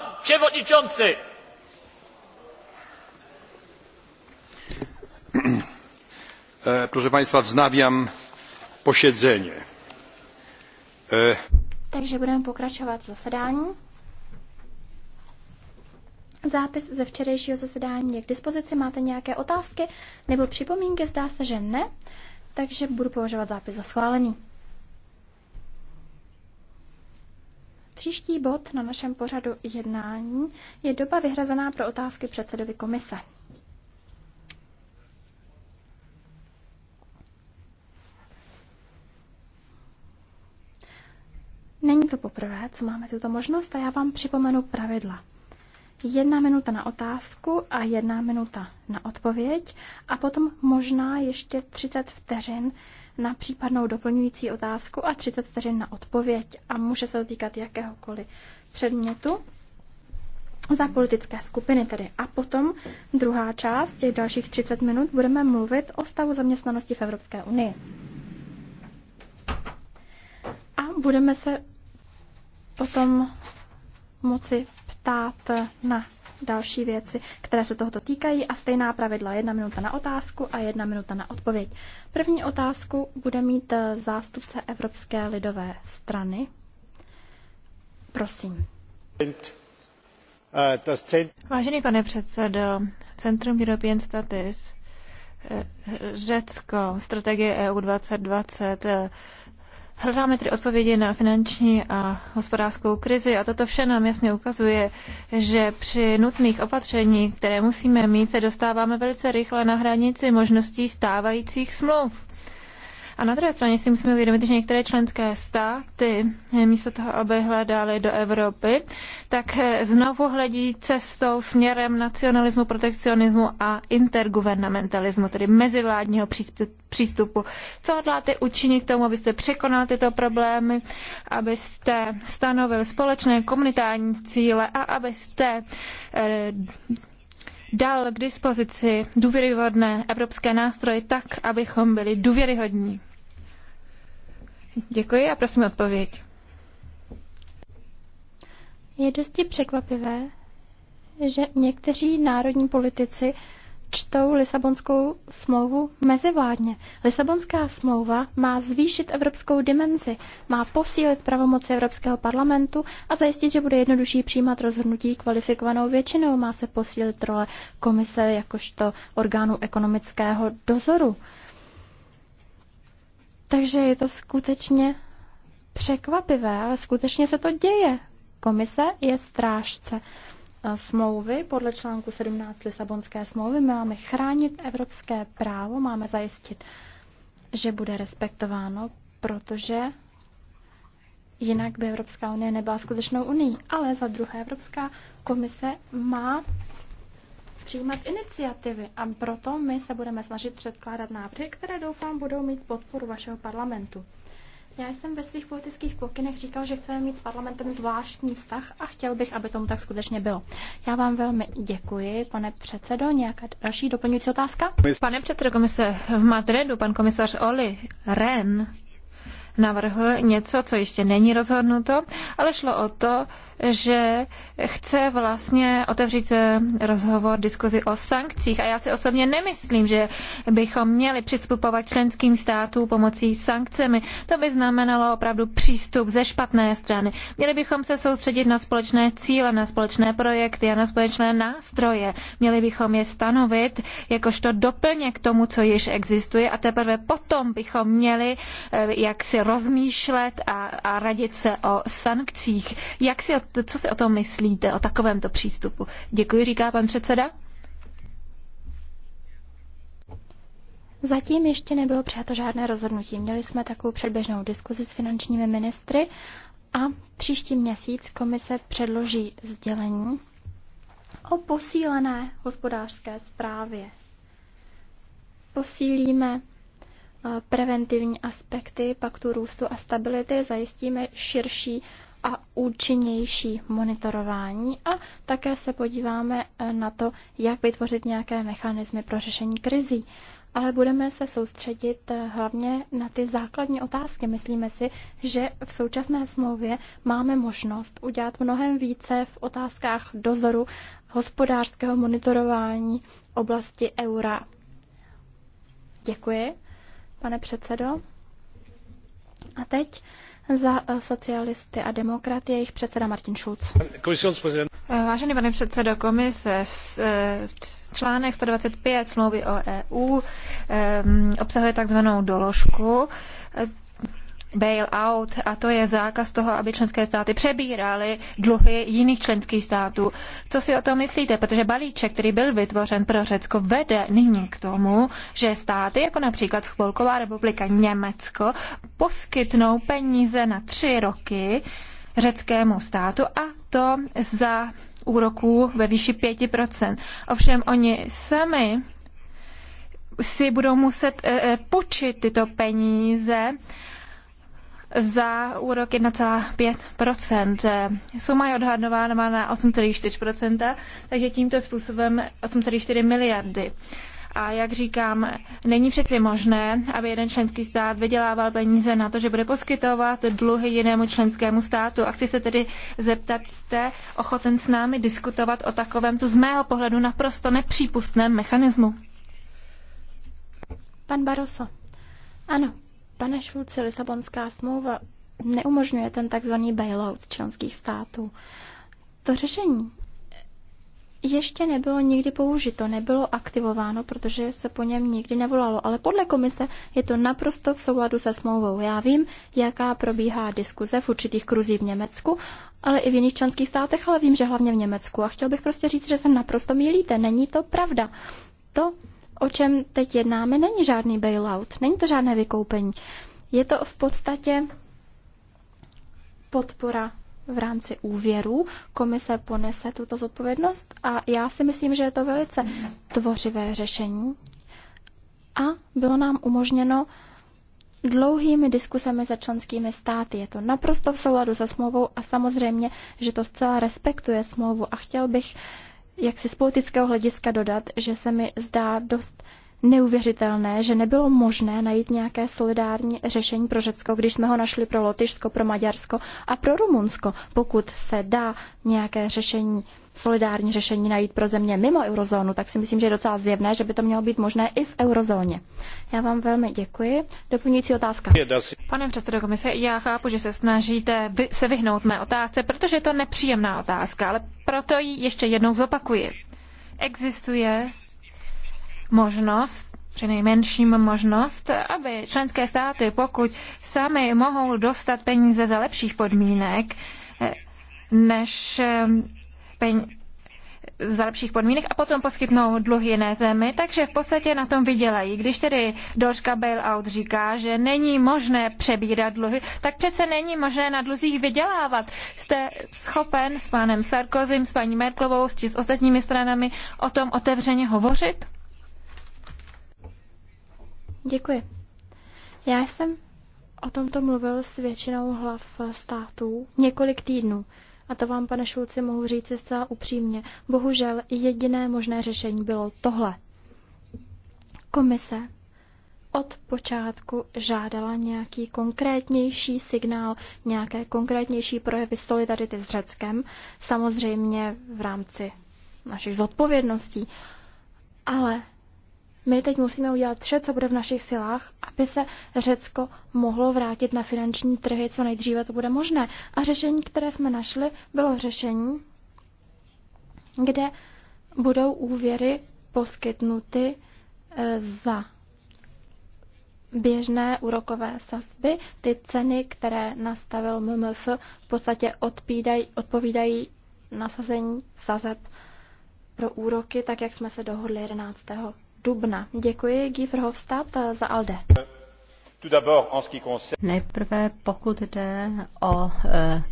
Pan przewodniczący! E, proszę Państwa, wznawiam posiedzenie. E, Takže budeme pokračovat v zasedání. Zápis ze včerejšího zasedání je k dispozici. Máte nějaké otázky nebo připomínky? Zdá se, že ne. Takže budu považovat zápis za schválený. Příští bod na našem pořadu jednání je doba vyhrazená pro otázky předsedovi komise. Není to poprvé, co máme tuto možnost a já vám připomenu pravidla. Jedna minuta na otázku a jedna minuta na odpověď a potom možná ještě 30 vteřin na případnou doplňující otázku a 30 vteřin na odpověď a může se to týkat jakéhokoliv předmětu za politické skupiny tedy. A potom druhá část, těch dalších 30 minut, budeme mluvit o stavu zaměstnanosti v Evropské unii. A budeme se potom moci ptát na další věci, které se tohoto týkají a stejná pravidla. Jedna minuta na otázku a jedna minuta na odpověď. První otázku bude mít eh, zástupce Evropské lidové strany. Prosím. Vážený pane předsedo, Centrum European Status eh, Řecko, strategie EU 2020, Hledáme tedy odpovědi na finanční a hospodářskou krizi a toto vše nám jasně ukazuje, že při nutných opatření, které musíme mít, se dostáváme velice rychle na hranici možností stávajících smluv. A na druhé straně si musíme uvědomit, že některé členské státy, eh, místo toho, aby hledali do Evropy, tak eh, znovu hledí cestou směrem nacionalismu, protekcionismu a intergovernamentalismu, tedy mezivládního přístupu. Co hodláte učinit k tomu, abyste překonal tyto problémy, abyste stanovil společné komunitární cíle a abyste eh, dal k dispozici důvěryhodné evropské nástroje tak, abychom byli důvěryhodní? Děkuji a prosím odpověď. Je dosti překvapivé, že někteří národní politici čtou Lisabonskou smlouvu mezivládně. Lisabonská smlouva má zvýšit evropskou dimenzi, má posílit pravomoci Evropského parlamentu a zajistit, že bude jednodušší přijímat rozhodnutí kvalifikovanou většinou. Má se posílit role komise jakožto orgánu ekonomického dozoru. Takže je to skutečně překvapivé, ale skutečně se to děje. Komise je strážce smlouvy. Podle článku 17 Lisabonské smlouvy my máme chránit evropské právo, máme zajistit, že bude respektováno, protože jinak by Evropská unie nebyla skutečnou unii. Ale za druhé, Evropská komise má přijímat iniciativy a proto my se budeme snažit předkládat návrhy, které doufám budou mít podporu vašeho parlamentu. Já jsem ve svých politických pokynech říkal, že chceme mít s parlamentem zvláštní vztah a chtěl bych, aby tomu tak skutečně bylo. Já vám velmi děkuji, pane předsedo. Nějaká další doplňující otázka? Pane předsedo komise, v Madridu pan komisař Oli Ren navrhl něco, co ještě není rozhodnuto, ale šlo o to, že chce vlastně otevřít eh, rozhovor, diskuzi o sankcích. A já si osobně nemyslím, že bychom měli přistupovat členským státům pomocí sankcemi. To by znamenalo opravdu přístup ze špatné strany. Měli bychom se soustředit na společné cíle, na společné projekty a na společné nástroje. Měli bychom je stanovit jakožto doplněk k tomu, co již existuje a teprve potom bychom měli eh, jak si rozmýšlet a, a radit se o sankcích. Jak si od co si o tom myslíte, o takovémto přístupu? Děkuji, říká pan předseda. Zatím ještě nebylo přijato žádné rozhodnutí. Měli jsme takovou předběžnou diskuzi s finančními ministry a příští měsíc komise předloží sdělení o posílené hospodářské zprávě. Posílíme eh, preventivní aspekty paktu růstu a stability, zajistíme širší a účinnější monitorování a také se podíváme eh, na to, jak vytvořit nějaké mechanismy pro řešení krizí. Ale budeme se soustředit eh, hlavně na ty základní otázky. Myslíme si, že v současné smlouvě máme možnost udělat mnohem více v otázkách dozoru hospodářského monitorování oblasti eura. Děkuji, pane předsedo. A teď za eh, socialisty a demokraty jejich předseda Martin Schulz. Eh, vážený pane předsedo komise, eh, článek 125 smlouvy o EU obsahuje takzvanou doložku, bail-out a to je zákaz toho, aby členské státy přebíraly dluhy jiných členských států. Co si o tom myslíte? Protože balíček, který byl vytvořen pro Řecko, vede nyní k tomu, že státy, jako například Spolková republika Německo, poskytnou peníze na tři roky řeckému státu a to za úroků ve výši 5%. Ovšem oni sami si budou muset e, eh, eh, počít tyto peníze za úrok 1,5 Suma je odhadována na 8,4 takže tímto způsobem 8,4 miliardy. A jak říkám, není přeci možné, aby jeden členský stát vydělával peníze na to, že bude poskytovat dluhy jinému členskému státu. A chci se tedy zeptat, jste ochoten s námi diskutovat o takovémto z mého pohledu naprosto nepřípustném mechanismu? Pan Baroso. Ano, Pane Šulci, Lisabonská smlouva neumožňuje ten takzvaný bailout členských států. To řešení ještě nebylo nikdy použito, nebylo aktivováno, protože se po něm nikdy nevolalo, ale podle komise je to naprosto v souladu se smlouvou. Já vím, jaká probíhá diskuze v určitých kruzích v Německu, ale i v jiných členských státech, ale vím, že hlavně v Německu. A chtěl bych prostě říct, že se naprosto mílíte, není to pravda. To o čem teď jednáme, není žádný bailout, není to žádné vykoupení. Je to v podstatě podpora v rámci úvěru. Komise ponese tuto zodpovědnost a já si myslím, že je to velice tvořivé řešení. A bylo nám umožněno dlouhými diskusemi se členskými státy. Je to naprosto v souladu se smlouvou a samozřejmě, že to zcela respektuje smlouvu. A chtěl bych jak si z politického hlediska dodat, že se mi zdá dost neuvěřitelné, že nebylo možné najít nějaké solidární řešení pro Řecko, když jsme ho našli pro Lotyšsko, pro Maďarsko a pro Rumunsko, pokud se dá nějaké řešení solidární řešení najít pro země mimo eurozónu, tak si myslím, že je docela zjevné, že by to mělo být možné i v eurozóně. Já vám velmi děkuji. Doplňující otázka. Pane předsedo komise, já chápu, že se snažíte vy, se vyhnout mé otázce, protože je to nepříjemná otázka, ale proto ji ještě jednou zopakuji. Existuje možnost nejmenším možnost, aby členské státy, pokud sami mohou dostat peníze za lepších podmínek, než peň, za lepších podmínek a potom poskytnou dluhy jiné zemi, takže v podstatě na tom vydělají. Když tedy Dolška Bailout říká, že není možné přebírat dluhy, tak přece není možné na dluzích vydělávat. Jste schopen s panem Sarkozym, s paní Merklovou či s ostatními stranami o tom otevřeně hovořit? Děkuji. Já jsem o tomto mluvil s většinou hlav států několik týdnů. A to vám, pane Šulci, mohu říct zcela upřímně. Bohužel jediné možné řešení bylo tohle. Komise od počátku žádala nějaký konkrétnější signál, nějaké konkrétnější projevy solidarity s Řeckem, samozřejmě v rámci našich zodpovědností. Ale my teď musíme udělat vše, co bude v našich silách, aby se Řecko mohlo vrátit na finanční trhy, co nejdříve to bude možné. A řešení, které jsme našli, bylo řešení, kde budou úvěry poskytnuty e, za běžné úrokové sazby. Ty ceny, které nastavil MMF, v podstatě odpídaj, odpovídají nasazení sazeb pro úroky, tak jak jsme se dohodli 11 dubna. Děkuji Guy Verhofstadt eh, za ALDE. Nejprve pokud jde o eh,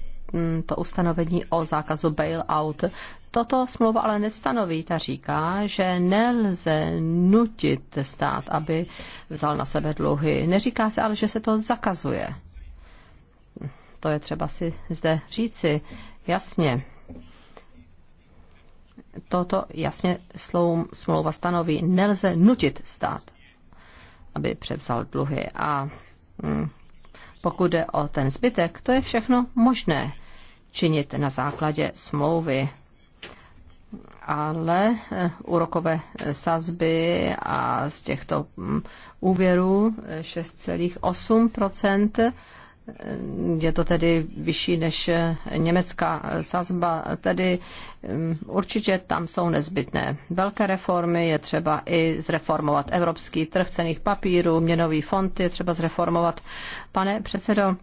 to ustanovení o zákazu bailout. Toto smlouva ale nestanoví. Ta říká, že nelze nutit stát, aby vzal na sebe dluhy. Neříká se ale, že se to zakazuje. To je třeba si zde říci jasně toto jasně slou, smlouva stanoví. Nelze nutit stát, aby převzal dluhy. A hm, pokud jde o ten zbytek, to je všechno možné činit na základě smlouvy. Ale eh, úrokové sazby a z těchto mm, úvěrů 6,8 eh, je to tedy vyšší než německá sazba, tedy mm, určitě tam jsou nezbytné. Velké reformy je třeba i zreformovat evropský trh cených papírů, měnový fond je třeba zreformovat. Pane předsedo,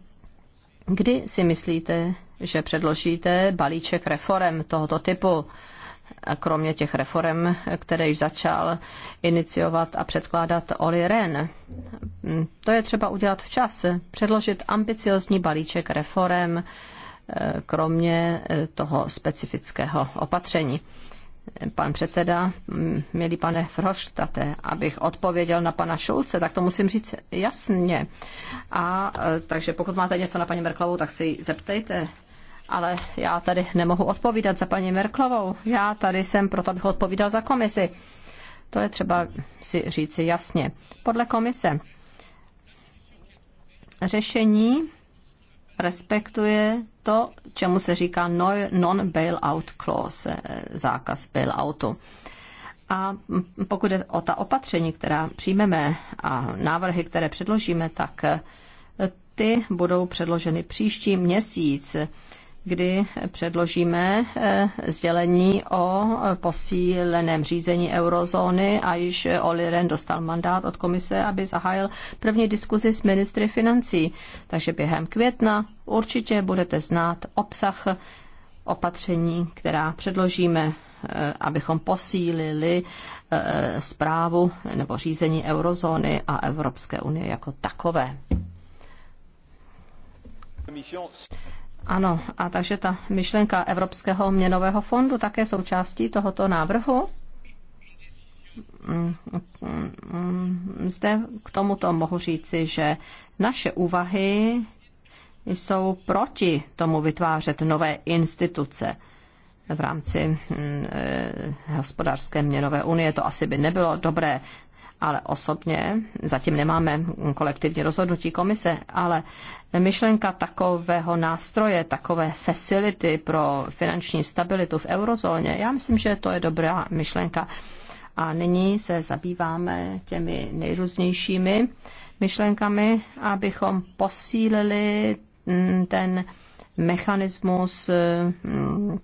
kdy si myslíte, že předložíte balíček reform tohoto typu? kromě těch reform, které již začal iniciovat a předkládat Oli Ren. To je třeba udělat včas, předložit ambiciozní balíček reform, eh, kromě eh, toho specifického opatření. Pan předseda, mm, milý pane Froštate, abych odpověděl na pana Šulce, tak to musím říct jasně. A eh, takže pokud máte něco na paní Merklovou, tak si ji zeptejte ale já tady nemohu odpovídat za paní Merklovou. Já tady jsem proto, abych odpovídal za komisi. To je třeba si říci jasně. Podle komise řešení respektuje to, čemu se říká non-bailout clause, eh, zákaz bailoutu. A pokud je o ta opatření, která přijmeme a návrhy, které předložíme, tak eh, ty budou předloženy příští měsíc kdy předložíme eh, sdělení o posíleném řízení eurozóny a již Oli Ren dostal mandát od komise, aby zahájil první diskuzi s ministry financí. Takže během května určitě budete znát obsah opatření, která předložíme, eh, abychom posílili zprávu eh, nebo řízení eurozóny a Evropské unie jako takové. Ano, a takže ta myšlenka Evropského měnového fondu také součástí tohoto návrhu? Mm, mm, zde k tomuto mohu říci, že naše úvahy jsou proti tomu vytvářet nové instituce v rámci mm, eh, hospodářské měnové unie. To asi by nebylo dobré ale osobně, zatím nemáme kolektivní rozhodnutí komise, ale myšlenka takového nástroje, takové facility pro finanční stabilitu v eurozóně, já myslím, že to je dobrá myšlenka. A nyní se zabýváme těmi nejrůznějšími myšlenkami, abychom posílili mm, ten mechanismus mm, mm,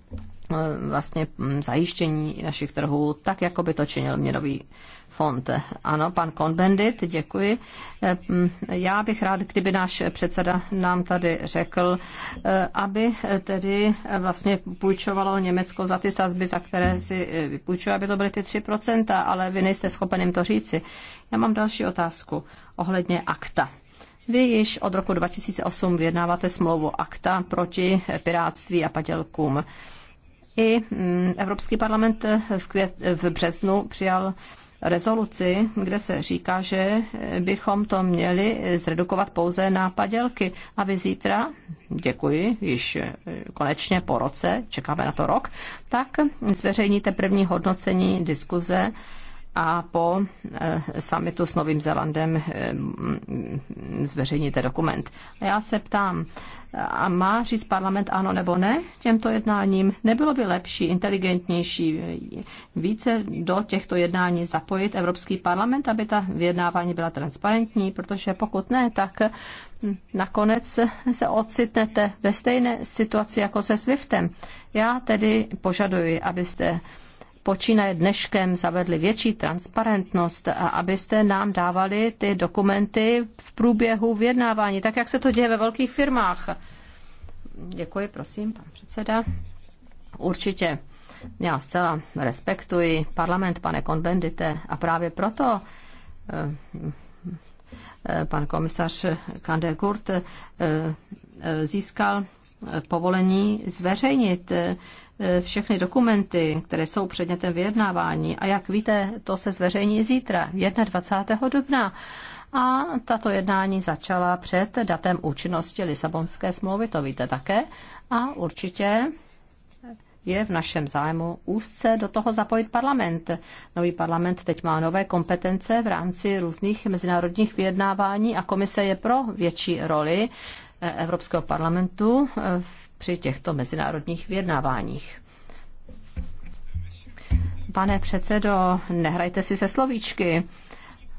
vlastně zajištění našich trhů, tak jako by to činil měnový fond. Ano, pan Konbendit, děkuji. Eh, já bych rád, kdyby náš předseda nám tady řekl, eh, aby tedy vlastně půjčovalo Německo za ty sazby, za které si eh, vypůjčuje, aby to byly ty 3%, ale vy nejste schopen jim to říci. Já mám další otázku ohledně akta. Vy již od roku 2008 vyjednáváte smlouvu akta proti piráctví a padělkům. I mm, Evropský parlament v, květ, v březnu přijal rezoluci, kde se říká, že bychom to měli zredukovat pouze na padělky, aby zítra, děkuji, již konečně po roce, čekáme na to rok, tak zveřejníte první hodnocení diskuze a po eh, summitu s Novým Zelandem eh, zveřejníte dokument. A já se ptám, a má říct parlament ano nebo ne těmto jednáním? Nebylo by lepší, inteligentnější více do těchto jednání zapojit Evropský parlament, aby ta vyjednávání byla transparentní, protože pokud ne, tak hm, nakonec se ocitnete ve stejné situaci jako se SWIFTem. Já tedy požaduji, abyste počínaje dneškem zavedli větší transparentnost a abyste nám dávali ty dokumenty v průběhu vyjednávání, tak jak se to děje ve velkých firmách. Děkuji, prosím, pan předseda. Určitě. Já zcela respektuji parlament, pane Konbendite, a právě proto eh, eh, pan komisař Kandekurt eh, získal povolení zveřejnit eh, všechny dokumenty, které jsou předmětem vyjednávání. A jak víte, to se zveřejní zítra, 21. dubna. A tato jednání začala před datem účinnosti Lisabonské smlouvy, to víte také. A určitě je v našem zájmu úzce do toho zapojit parlament. Nový parlament teď má nové kompetence v rámci různých mezinárodních vyjednávání a komise je pro větší roli Evropského parlamentu eh, při těchto mezinárodních vyjednáváních. Pane předsedo, nehrajte si se slovíčky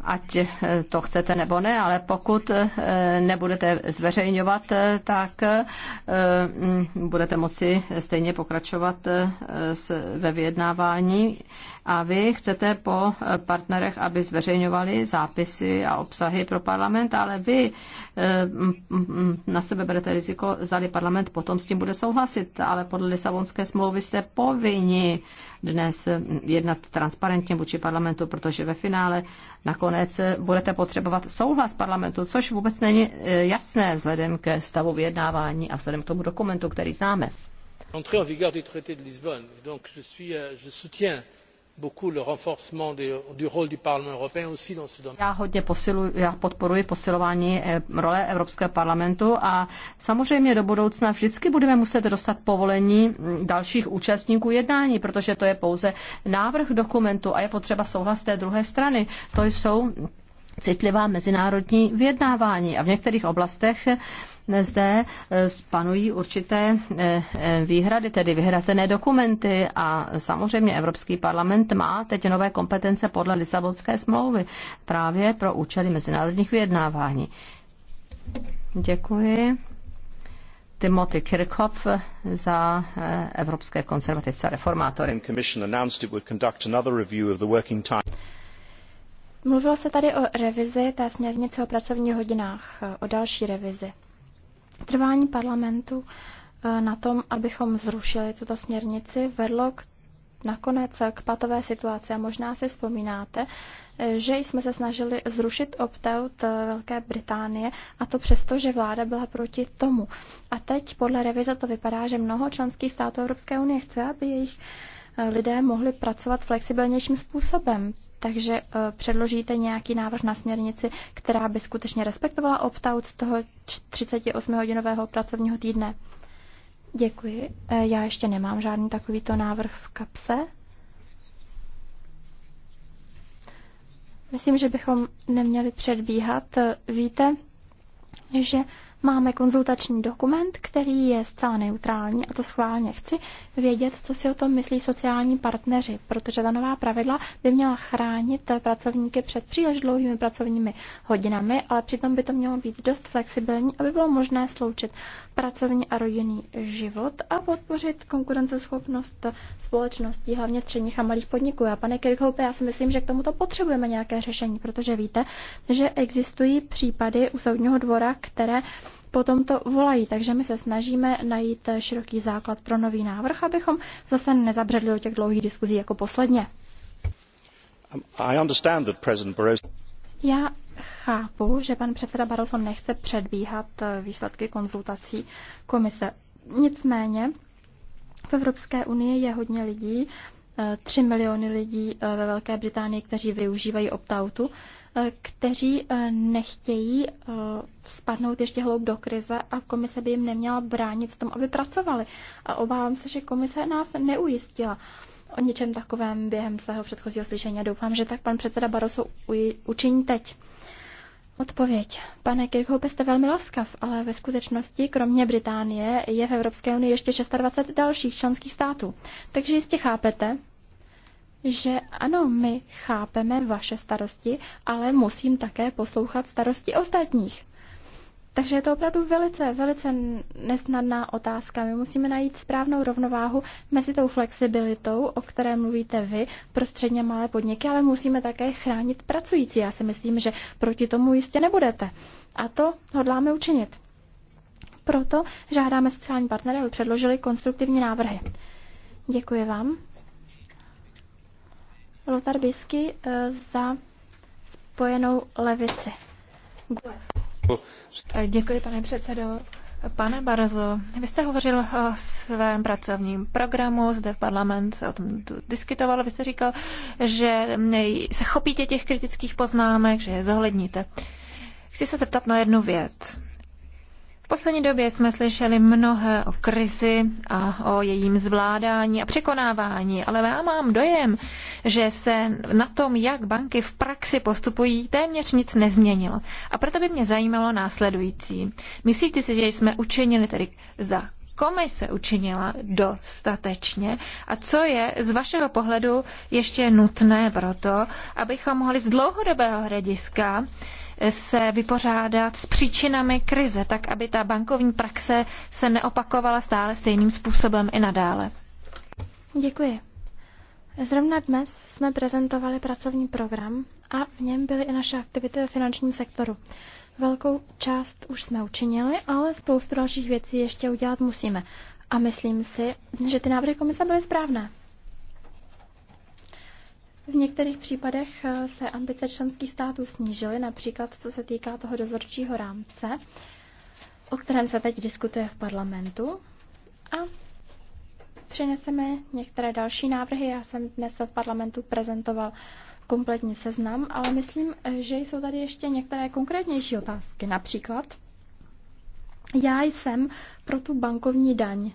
ať eh, to chcete nebo ne, ale pokud eh, nebudete zveřejňovat, tak budete moci stejně pokračovat ve vyjednávání a vy chcete po eh, partnerech, aby zveřejňovali zápisy a obsahy pro parlament, ale vy eh, na sebe berete riziko, zdali parlament potom s tím bude souhlasit, ale podle Lisabonské smlouvy jste povinni dnes jednat transparentně vůči parlamentu, protože ve finále nakonec eh, budete potřebovat souhlas parlamentu, což vůbec není jasné vzhledem ke stavu vyjednávání a vzhledem k tomu dokumentu, který známe. L'entrée en vigueur du traité de Lisbonne. Donc je, suis, euh, je soutiens beaucoup le renforcement du rôle du Parlement européen aussi dans ce domaine. Já hodně posiluji, já podporuji posilování eh, role Evropského parlamentu a samozřejmě do budoucna vždycky budeme muset dostat povolení mm, dalších účastníků jednání, protože to je pouze návrh dokumentu a je potřeba souhlas té druhé strany. To jsou citlivá mezinárodní vyjednávání a v některých oblastech zde eh, panují určité eh, eh, výhrady, tedy vyhrazené dokumenty a samozřejmě Evropský parlament má teď nové kompetence podle Lisabonské smlouvy právě pro účely mezinárodních vyjednávání. Děkuji. Timothy Kirchhoff za Evropské konzervativce a reformátory. Mluvilo se tady o revizi té směrnice o pracovních hodinách, o další revizi. Trvání parlamentu eh, na tom, abychom zrušili tuto směrnici, vedlo k nakonec k patové situaci. A možná si vzpomínáte, eh, že jsme se snažili zrušit opt-out eh, Velké Británie a to přesto, že vláda byla proti tomu. A teď podle revize to vypadá, že mnoho členských států Evropské unie chce, aby jejich lidé mohli pracovat flexibilnějším způsobem takže eh, předložíte nějaký návrh na směrnici, která by skutečně respektovala opt-out z toho 38-hodinového pracovního týdne. Děkuji. Eh, já ještě nemám žádný takovýto návrh v kapse. Myslím, že bychom neměli předbíhat. Eh, víte, že Máme konzultační dokument, který je zcela neutrální a to schválně chci vědět, co si o tom myslí sociální partneři, protože ta nová pravidla by měla chránit pracovníky před příliš dlouhými pracovními hodinami, ale přitom by to mělo být dost flexibilní, aby bylo možné sloučit pracovní a rodinný život a podpořit konkurenceschopnost společností, hlavně středních a malých podniků. A pane Kirchhope, já si myslím, že k tomuto potřebujeme nějaké řešení, protože víte, že existují případy u soudního dvora, které potom to volají. Takže my se snažíme najít široký základ pro nový návrh, abychom zase nezabředli do těch dlouhých diskuzí jako posledně. Um, Já chápu, že pan předseda Barroso nechce předbíhat eh, výsledky konzultací komise. Nicméně v Evropské unii je hodně lidí, 3 eh, miliony lidí eh, ve Velké Británii, kteří využívají opt-outu kteří eh, nechtějí eh, spadnout ještě hloub do krize a komise by jim neměla bránit v tom, aby pracovali. A obávám se, že komise nás neujistila o ničem takovém během svého předchozího slyšení. A Doufám, že tak pan předseda Barroso učiní teď. Odpověď. Pane Kirchhoff, jste velmi laskav, ale ve skutečnosti, kromě Británie, je v Evropské unii ještě 26 dalších členských států. Takže jistě chápete, že ano, my chápeme vaše starosti, ale musím také poslouchat starosti ostatních. Takže je to opravdu velice, velice nesnadná otázka. My musíme najít správnou rovnováhu mezi tou flexibilitou, o které mluvíte vy, prostředně malé podniky, ale musíme také chránit pracující. Já si myslím, že proti tomu jistě nebudete. A to hodláme učinit. Proto žádáme sociální partnery, aby předložili konstruktivní návrhy. Děkuji vám. Lothar Bisky eh, za spojenou levici. Eh, děkuji, pane předsedo. Pane Barzo, vy jste hovořil eh, o svém pracovním programu, zde v parlament se o tom tu diskutoval, vy jste říkal, že se chopíte těch kritických poznámek, že je zohledníte. Chci se zeptat na jednu věc poslední době jsme slyšeli mnohé o krizi a o jejím zvládání a překonávání, ale já mám dojem, že se na tom, jak banky v praxi postupují, téměř nic nezměnilo. A proto by mě zajímalo následující. Myslíte si, že jsme učinili tedy za komise učinila dostatečně a co je z vašeho pohledu ještě nutné pro to, abychom mohli z dlouhodobého hlediska se vypořádat s příčinami krize, tak aby ta bankovní praxe se neopakovala stále stejným způsobem i nadále. Děkuji. Zrovna dnes jsme prezentovali pracovní program a v něm byly i naše aktivity ve finančním sektoru. Velkou část už jsme učinili, ale spoustu dalších věcí ještě udělat musíme. A myslím si, že ty návrhy komise byly správné. V některých případech eh, se ambice členských států snížily, například co se týká toho dozorčího rámce, o kterém se teď diskutuje v parlamentu. A přineseme některé další návrhy. Já jsem dnes v parlamentu prezentoval kompletní seznam, ale myslím, že jsou tady ještě některé konkrétnější otázky. Například, já jsem pro tu bankovní daň.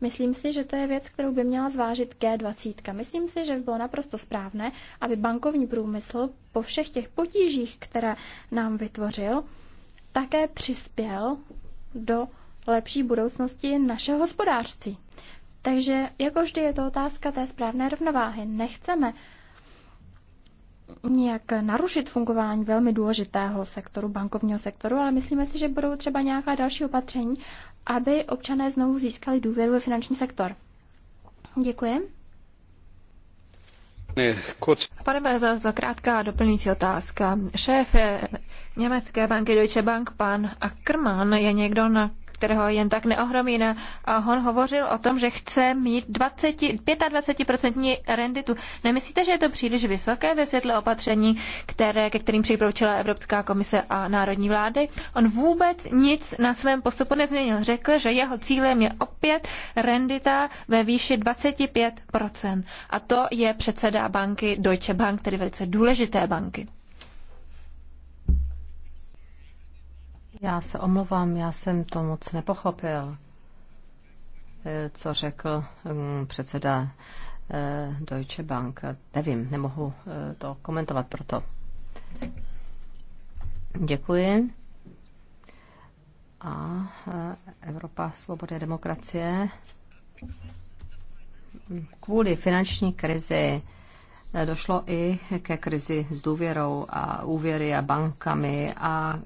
Myslím si, že to je věc, kterou by měla zvážit G20. Myslím si, že by bylo naprosto správné, aby bankovní průmysl po všech těch potížích, které nám vytvořil, také přispěl do lepší budoucnosti našeho hospodářství. Takže jako vždy je to otázka té správné rovnováhy. Nechceme nějak narušit fungování velmi důležitého sektoru, bankovního sektoru, ale myslíme si, že budou třeba nějaká další opatření, aby občané znovu získali důvěru ve finanční sektor. Děkuji. Pane Bezo, za krátká doplňující otázka. Šéf německé banky Deutsche Bank, pan Ackermann, je někdo, na kterého jen tak neohromí. A on hovořil o tom, že chce mít 20, 25% renditu. Nemyslíte, že je to příliš vysoké ve světle opatření, které, ke kterým přikročila Evropská komise a národní vlády? On vůbec nic na svém postupu nezměnil. Řekl, že jeho cílem je opět rendita ve výši 25%. A to je předseda banky Deutsche Bank, tedy velice důležité banky. Já se omlouvám, já jsem to moc nepochopil, eh, co řekl eh, předseda eh, Deutsche Bank. Nevím, nemohu to komentovat proto. Děkuji. A Evropa svobody a demokracie kvůli finanční krizi došlo i ke krizi s důvěrou a úvěry a bankami a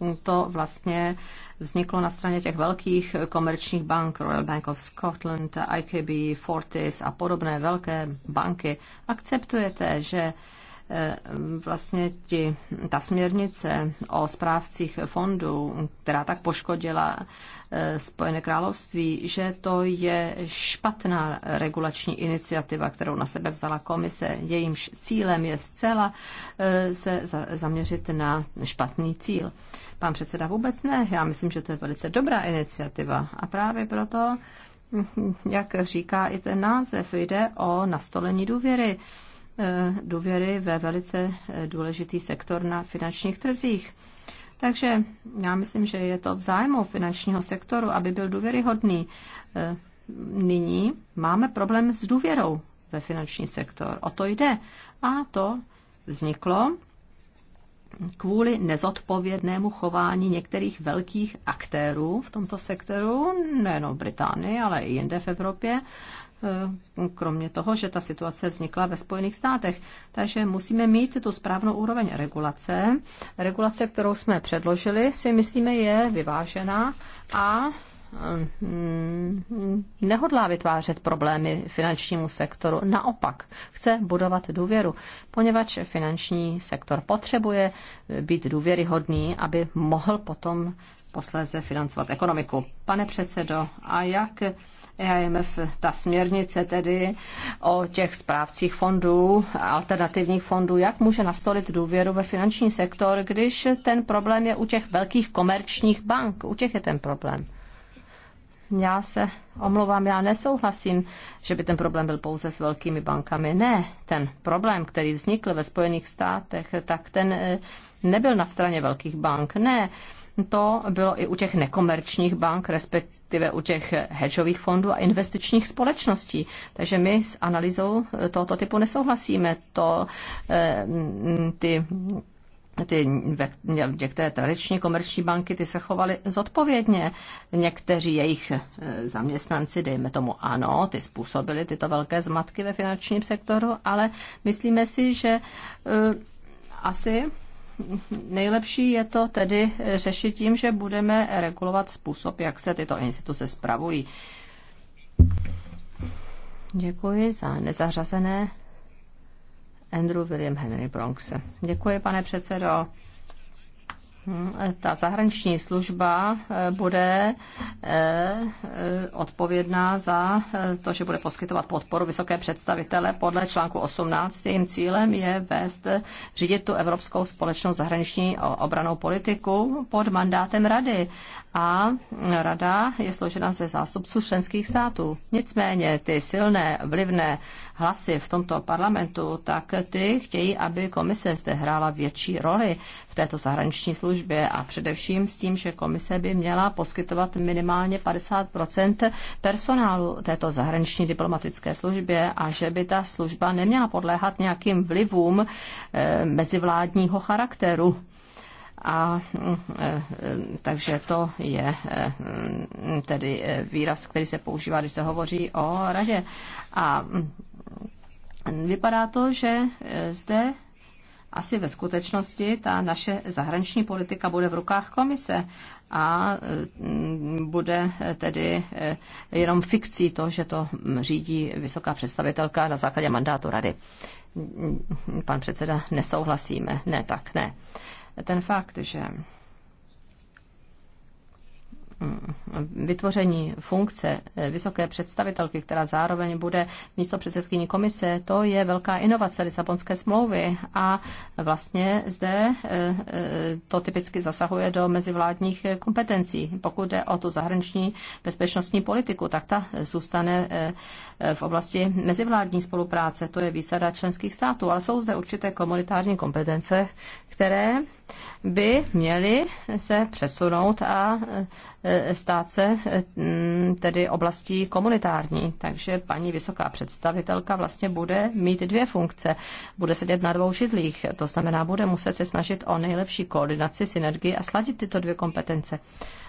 mm, to vlastně vzniklo na straně těch velkých komerčních bank, Royal Bank of Scotland, IKB, Fortis a podobné velké banky. Akceptujete, že Eh, vlastně ti, ta směrnice o správcích fondů, která tak poškodila eh, Spojené království, že to je špatná regulační iniciativa, kterou na sebe vzala komise. Jejímž cílem je zcela eh, se zaměřit na špatný cíl. Pán předseda vůbec ne. Já myslím, že to je velice dobrá iniciativa. A právě proto, hm, hm, jak říká i ten název, jde o nastolení důvěry. Eh, důvěry ve velice eh, důležitý sektor na finančních trzích. Takže já myslím, že je to v zájmu finančního sektoru, aby byl důvěryhodný. Eh, nyní máme problém s důvěrou ve finanční sektor. O to jde. A to vzniklo kvůli nezodpovědnému chování některých velkých aktérů v tomto sektoru, nejenom v Británii, ale i jinde v Evropě. Eh, kromě toho, že ta situace vznikla ve Spojených státech. Takže musíme mít tu správnou úroveň regulace. Regulace, kterou jsme předložili, si myslíme, je vyvážená a mm, nehodlá vytvářet problémy finančnímu sektoru. Naopak, chce budovat důvěru, poněvadž finanční sektor potřebuje být důvěryhodný, aby mohl potom posléze financovat ekonomiku. Pane předsedo, a jak EIMF, ta směrnice tedy o těch správcích fondů, alternativních fondů, jak může nastolit důvěru ve finanční sektor, když ten problém je u těch velkých komerčních bank, u těch je ten problém. Já se omlouvám, já nesouhlasím, že by ten problém byl pouze s velkými bankami. Ne, ten problém, který vznikl ve Spojených státech, tak ten e, nebyl na straně velkých bank. Ne, to bylo i u těch nekomerčních bank, respektive respektive u těch hedžových fondů a investičních společností. Takže my s analýzou eh, tohoto typu nesouhlasíme. To eh, ty ty, některé tradiční komerční banky ty se chovaly zodpovědně. Někteří jejich eh, zaměstnanci, dejme tomu ano, ty způsobili tyto velké zmatky ve finančním sektoru, ale myslíme si, že asi nejlepší je to tedy řešit tím, že budeme regulovat způsob, jak se tyto instituce spravují. Děkuji za nezařazené. Andrew William Henry Bronx. Děkuji, pane předsedo. Hmm, ta zahraniční služba eh, bude eh, odpovědná za eh, to, že bude poskytovat podporu vysoké představitele. Podle článku 18 jejím cílem je vést, řídit tu evropskou společnou zahraniční obranou politiku pod mandátem rady. A rada je složena ze zástupců členských států. Nicméně ty silné, vlivné hlasy v tomto parlamentu, tak ty chtějí, aby komise zde hrála větší roli v této zahraniční službě a především s tím, že komise by měla poskytovat minimálně 50 personálu této zahraniční diplomatické službě a že by ta služba neměla podléhat nějakým vlivům eh, mezivládního charakteru. A eh, takže to je eh, tedy výraz, který se používá, když se hovoří o radě. A Vypadá to, že eh, zde asi ve skutečnosti ta naše zahraniční politika bude v rukách komise a mm, bude eh, tedy eh, jenom fikcí to, že to mm, řídí vysoká představitelka na základě mandátu rady. Mm, pan předseda, nesouhlasíme. Ne, tak ne. Ten fakt, že Mm, vytvoření funkce eh, vysoké představitelky, která zároveň bude místo předsedkyní komise, to je velká inovace Lisabonské smlouvy a vlastně zde eh, eh, to typicky zasahuje do mezivládních kompetencí. Pokud jde o tu zahraniční bezpečnostní politiku, tak ta zůstane v oblasti mezivládní spolupráce, to je výsada členských států, ale jsou zde určité komunitární kompetence, které by měly se přesunout a Eh, stát se eh, tedy oblastí komunitární. Takže paní vysoká představitelka vlastně bude mít dvě funkce. Bude sedět na dvou židlích, to znamená, bude muset se snažit o nejlepší koordinaci, synergii a sladit tyto dvě kompetence.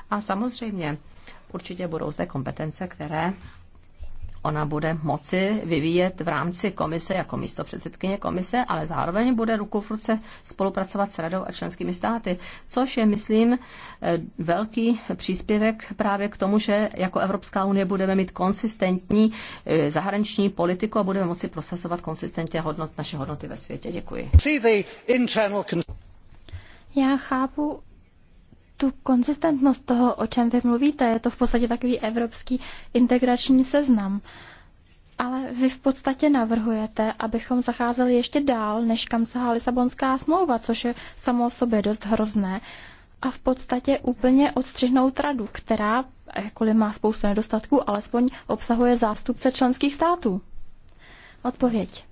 A samozřejmě určitě budou zde kompetence, které ona bude moci vyvíjet v rámci komise jako místo předsedkyně komise, ale zároveň bude ruku v ruce spolupracovat s radou a členskými státy, což je, myslím, eh, velký příspěvek právě k tomu, že jako Evropská unie budeme mít konsistentní eh, zahraniční politiku a budeme moci prosazovat konsistentně hodnot, naše hodnoty ve světě. Děkuji. Já chápu tu konzistentnost toho, o čem vy mluvíte. Je to v podstatě takový evropský integrační seznam. Ale vy v podstatě navrhujete, abychom zacházeli ještě dál, než kam sahá Lisabonská smlouva, což je samo o sobě dost hrozné. A v podstatě úplně odstřihnout radu, která, jakkoliv má spoustu nedostatků, alespoň obsahuje zástupce členských států. Odpověď.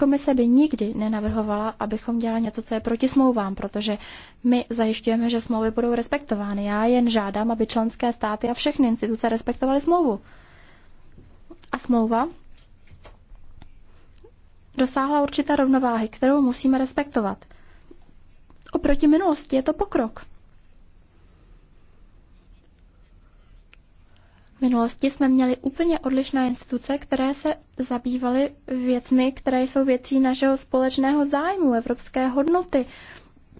Komise by nikdy nenavrhovala, abychom dělali něco, co je proti smlouvám, protože my zajišťujeme, že smlouvy budou respektovány. Já jen žádám, aby členské státy a všechny instituce respektovaly smlouvu. A smlouva dosáhla určité rovnováhy, kterou musíme respektovat. Oproti minulosti je to pokrok. V minulosti jsme měli úplně odlišné instituce, které se zabývaly věcmi, které jsou věcí našeho společného zájmu, evropské hodnoty.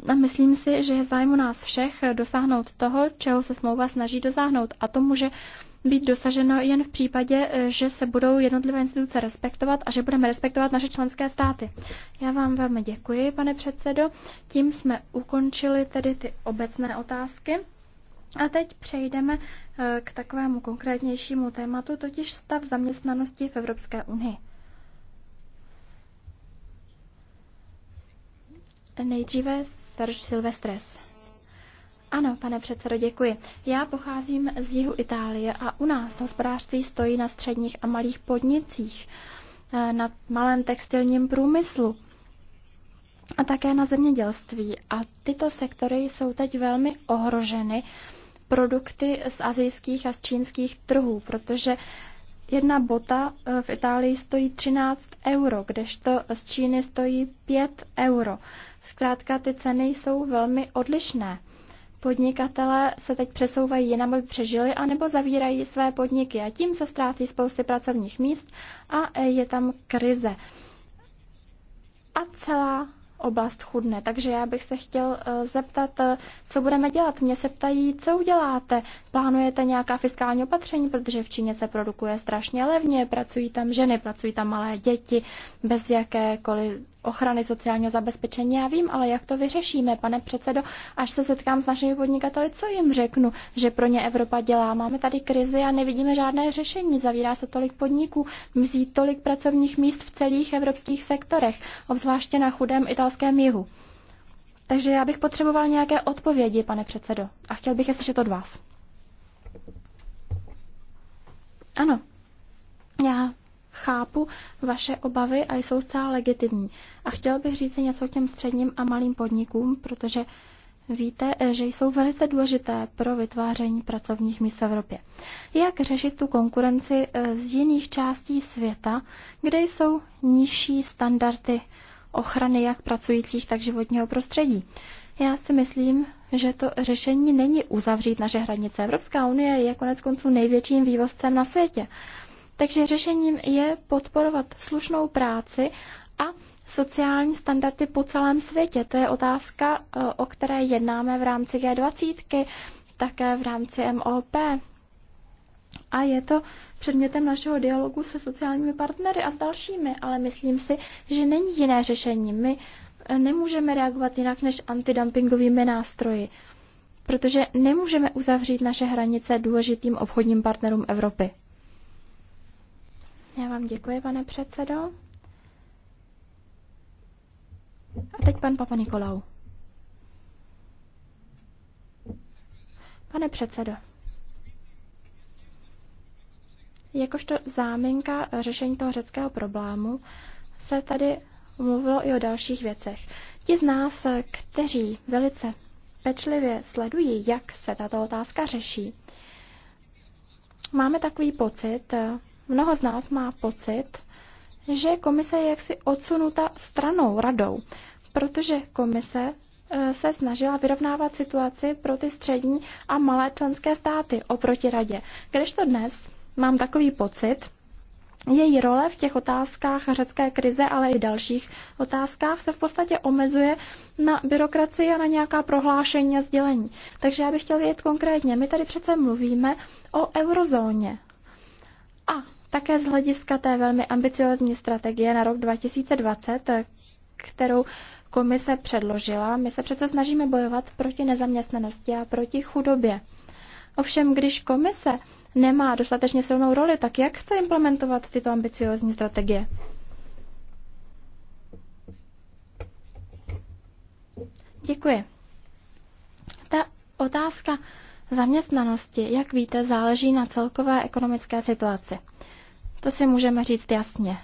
A myslím si, že je zájmu nás všech dosáhnout toho, čeho se smlouva snaží dosáhnout. A to může být dosaženo jen v případě, že se budou jednotlivé instituce respektovat a že budeme respektovat naše členské státy. Já vám velmi děkuji, pane předsedo. Tím jsme ukončili tedy ty obecné otázky. A teď přejdeme eh, k takovému konkrétnějšímu tématu, totiž stav zaměstnanosti v Evropské unii. Nejdříve Serge Silvestres. Ano, pane předsedo, děkuji. Já pocházím z jihu Itálie a u nás hospodářství stojí na středních a malých podnicích, eh, na malém textilním průmyslu a také na zemědělství. A tyto sektory jsou teď velmi ohroženy produkty z azijských a z čínských trhů, protože jedna bota eh, v Itálii stojí 13 euro, kdežto z Číny stojí 5 euro. Zkrátka ty ceny jsou velmi odlišné. Podnikatelé se teď přesouvají jinam, aby přežili, anebo zavírají své podniky a tím se ztrácí spousty pracovních míst a eh, je tam krize. A celá oblast chudne. Takže já bych se chtěl eh, zeptat, eh, co budeme dělat. Mě se ptají, co uděláte. Plánujete nějaká fiskální opatření, protože v Číně se produkuje strašně levně, pracují tam ženy, pracují tam malé děti, bez jakékoliv ochrany sociálního zabezpečení. Já vím, ale jak to vyřešíme, pane předsedo, až se setkám s našimi podnikateli, co jim řeknu, že pro ně Evropa dělá. Máme tady krizi a nevidíme žádné řešení. Zavírá se tolik podniků, mizí tolik pracovních míst v celých evropských sektorech, obzvláště na chudém italském jihu. Takže já bych potřeboval nějaké odpovědi, pane předsedo, a chtěl bych je slyšet od vás. Ano, já Chápu vaše obavy a jsou zcela legitimní. A chtěl bych říct něco k těm středním a malým podnikům, protože víte, eh, že jsou velice důležité pro vytváření pracovních míst v Evropě. Jak řešit tu konkurenci eh, z jiných částí světa, kde jsou nižší standardy ochrany jak pracujících, tak životního prostředí? Já si myslím, že to řešení není uzavřít naše hranice. Evropská unie je konec konců největším vývozcem na světě. Takže řešením je podporovat slušnou práci a sociální standardy po celém světě. To je otázka, eh, o které jednáme v rámci G20, také v rámci MOP. A je to předmětem našeho dialogu se sociálními partnery a s dalšími, ale myslím si, že není jiné řešení. My eh, nemůžeme reagovat jinak než antidumpingovými nástroji, protože nemůžeme uzavřít naše hranice důležitým obchodním partnerům Evropy. Já vám děkuji, pane předsedo. A teď pan Papa Nikolau. Pane předsedo, jakožto záminka řešení toho řeckého problému se tady mluvilo i o dalších věcech. Ti z nás, kteří velice pečlivě sledují, jak se tato otázka řeší, máme takový pocit, mnoho z nás má pocit, že komise je jaksi odsunuta stranou, radou, protože komise e, se snažila vyrovnávat situaci pro ty střední a malé členské státy oproti radě. Kdežto dnes mám takový pocit, její role v těch otázkách řecké krize, ale i dalších otázkách se v podstatě omezuje na byrokracii a na nějaká prohlášení a sdělení. Takže já bych chtěl vědět konkrétně, my tady přece mluvíme o eurozóně. A také z hlediska té velmi ambiciozní strategie na rok 2020, kterou komise předložila, my se přece snažíme bojovat proti nezaměstnanosti a proti chudobě. Ovšem, když komise nemá dostatečně silnou roli, tak jak chce implementovat tyto ambiciozní strategie? Děkuji. Ta otázka zaměstnanosti, jak víte, záleží na celkové ekonomické situaci. To si můžeme říct jasně.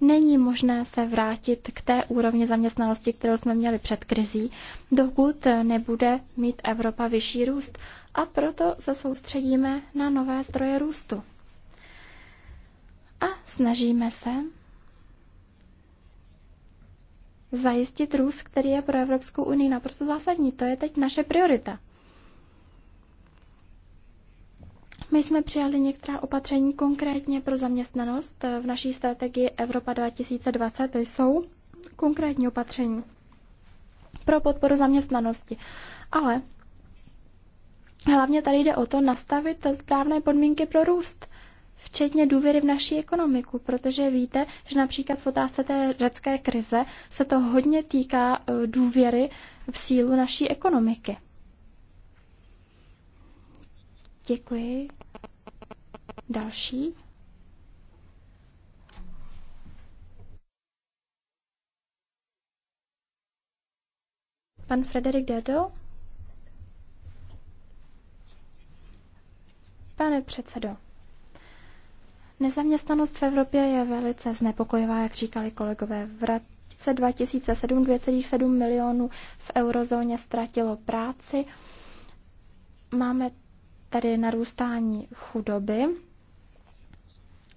Není možné se vrátit k té úrovni zaměstnanosti, kterou jsme měli před krizí, dokud nebude mít Evropa vyšší růst. A proto se soustředíme na nové zdroje růstu. A snažíme se zajistit růst, který je pro Evropskou unii naprosto zásadní. To je teď naše priorita. My jsme přijali některá opatření konkrétně pro zaměstnanost v naší strategii Evropa 2020. To jsou konkrétní opatření pro podporu zaměstnanosti. Ale hlavně tady jde o to nastavit správné podmínky pro růst včetně důvěry v naší ekonomiku, protože víte, že například v otázce té řecké krize se to hodně týká eh, důvěry v sílu naší ekonomiky. Děkuji. Další. Pan Frederik Dedo. Pane předsedo, nezaměstnanost v Evropě je velice znepokojivá, jak říkali kolegové. V roce 2007 2,7 milionů v eurozóně ztratilo práci. Máme tedy narůstání chudoby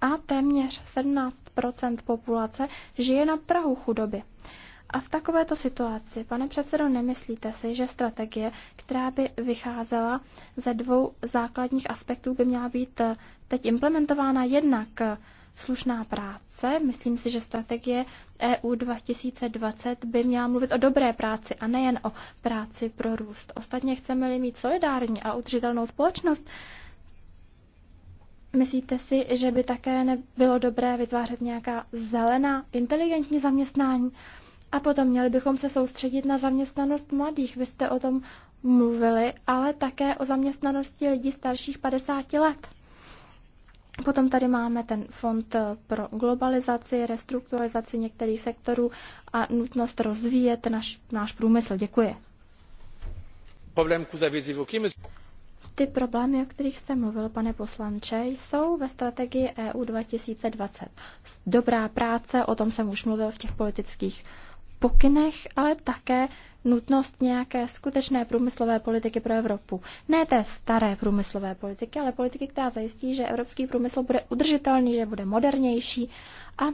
a téměř 17 populace žije na prahu chudoby. A v takovéto situaci, pane předsedo, nemyslíte si, že strategie, která by vycházela ze dvou základních aspektů, by měla být eh, teď implementována jednak slušná práce. Myslím si, že strategie EU 2020 by měla mluvit o dobré práci a nejen o práci pro růst. Ostatně chceme-li mít solidární a udržitelnou společnost, Myslíte si, že by také nebylo dobré vytvářet nějaká zelená, inteligentní zaměstnání? A potom měli bychom se soustředit na zaměstnanost mladých. Vy jste o tom mluvili, ale také o zaměstnanosti lidí starších 50 let. Potom tady máme ten fond eh, pro globalizaci, restrukturalizaci některých sektorů a nutnost rozvíjet naš, náš průmysl. Děkuji. Ty problémy, o kterých jste mluvil, pane poslanče, jsou ve strategii EU 2020. Dobrá práce, o tom jsem už mluvil v těch politických pokynech, ale také nutnost nějaké skutečné průmyslové politiky pro Evropu. Ne té staré průmyslové politiky, ale politiky, která zajistí, že evropský průmysl bude udržitelný, že bude modernější a e,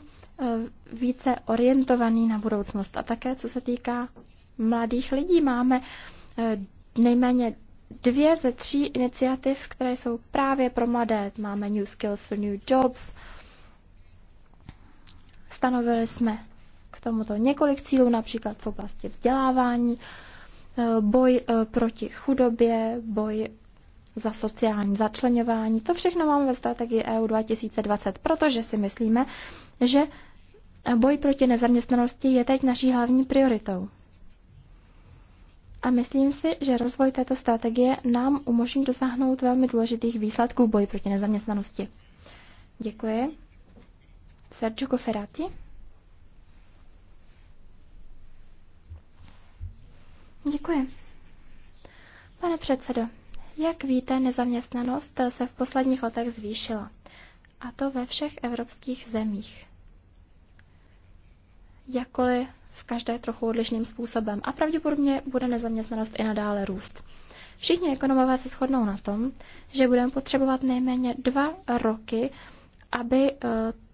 více orientovaný na budoucnost. A také, co se týká mladých lidí, máme e, nejméně dvě ze tří iniciativ, které jsou právě pro mladé. Máme New Skills for New Jobs, stanovili jsme tomuto několik cílů, například v oblasti vzdělávání, eh, boj eh, proti chudobě, boj za sociální začlenování. To všechno máme ve strategii EU 2020, protože si myslíme, že boj proti nezaměstnanosti je teď naší hlavní prioritou. A myslím si, že rozvoj této strategie nám umožní dosáhnout velmi důležitých výsledků boj proti nezaměstnanosti. Děkuji. Sergio Coferati. Děkuji. Pane předsedo, jak víte, nezaměstnanost se v posledních letech zvýšila. A to ve všech evropských zemích. Jakkoliv v každé trochu odlišným způsobem. A pravděpodobně bude nezaměstnanost i nadále růst. Všichni ekonomové se shodnou na tom, že budeme potřebovat nejméně dva roky, aby eh,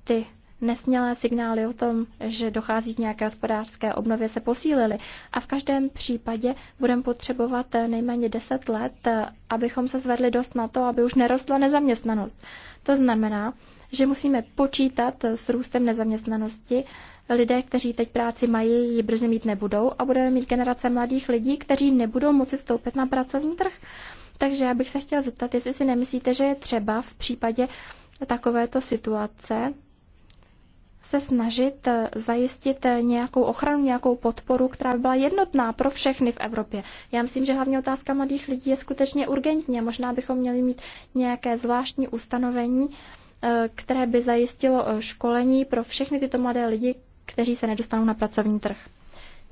ty nesmělé signály o tom, že dochází k nějaké hospodářské obnově, se posílily. A v každém případě budeme potřebovat nejméně 10 let, abychom se zvedli dost na to, aby už nerostla nezaměstnanost. To znamená, že musíme počítat s růstem nezaměstnanosti. Lidé, kteří teď práci mají, ji brzy mít nebudou a budeme mít generace mladých lidí, kteří nebudou moci vstoupit na pracovní trh. Takže já bych se chtěla zeptat, jestli si nemyslíte, že je třeba v případě takovéto situace se snažit eh, zajistit eh, nějakou ochranu, nějakou podporu, která by byla jednotná pro všechny v Evropě. Já myslím, že hlavně otázka mladých lidí je skutečně urgentní a možná bychom měli mít nějaké zvláštní ustanovení, eh, které by zajistilo školení pro všechny tyto mladé lidi, kteří se nedostanou na pracovní trh.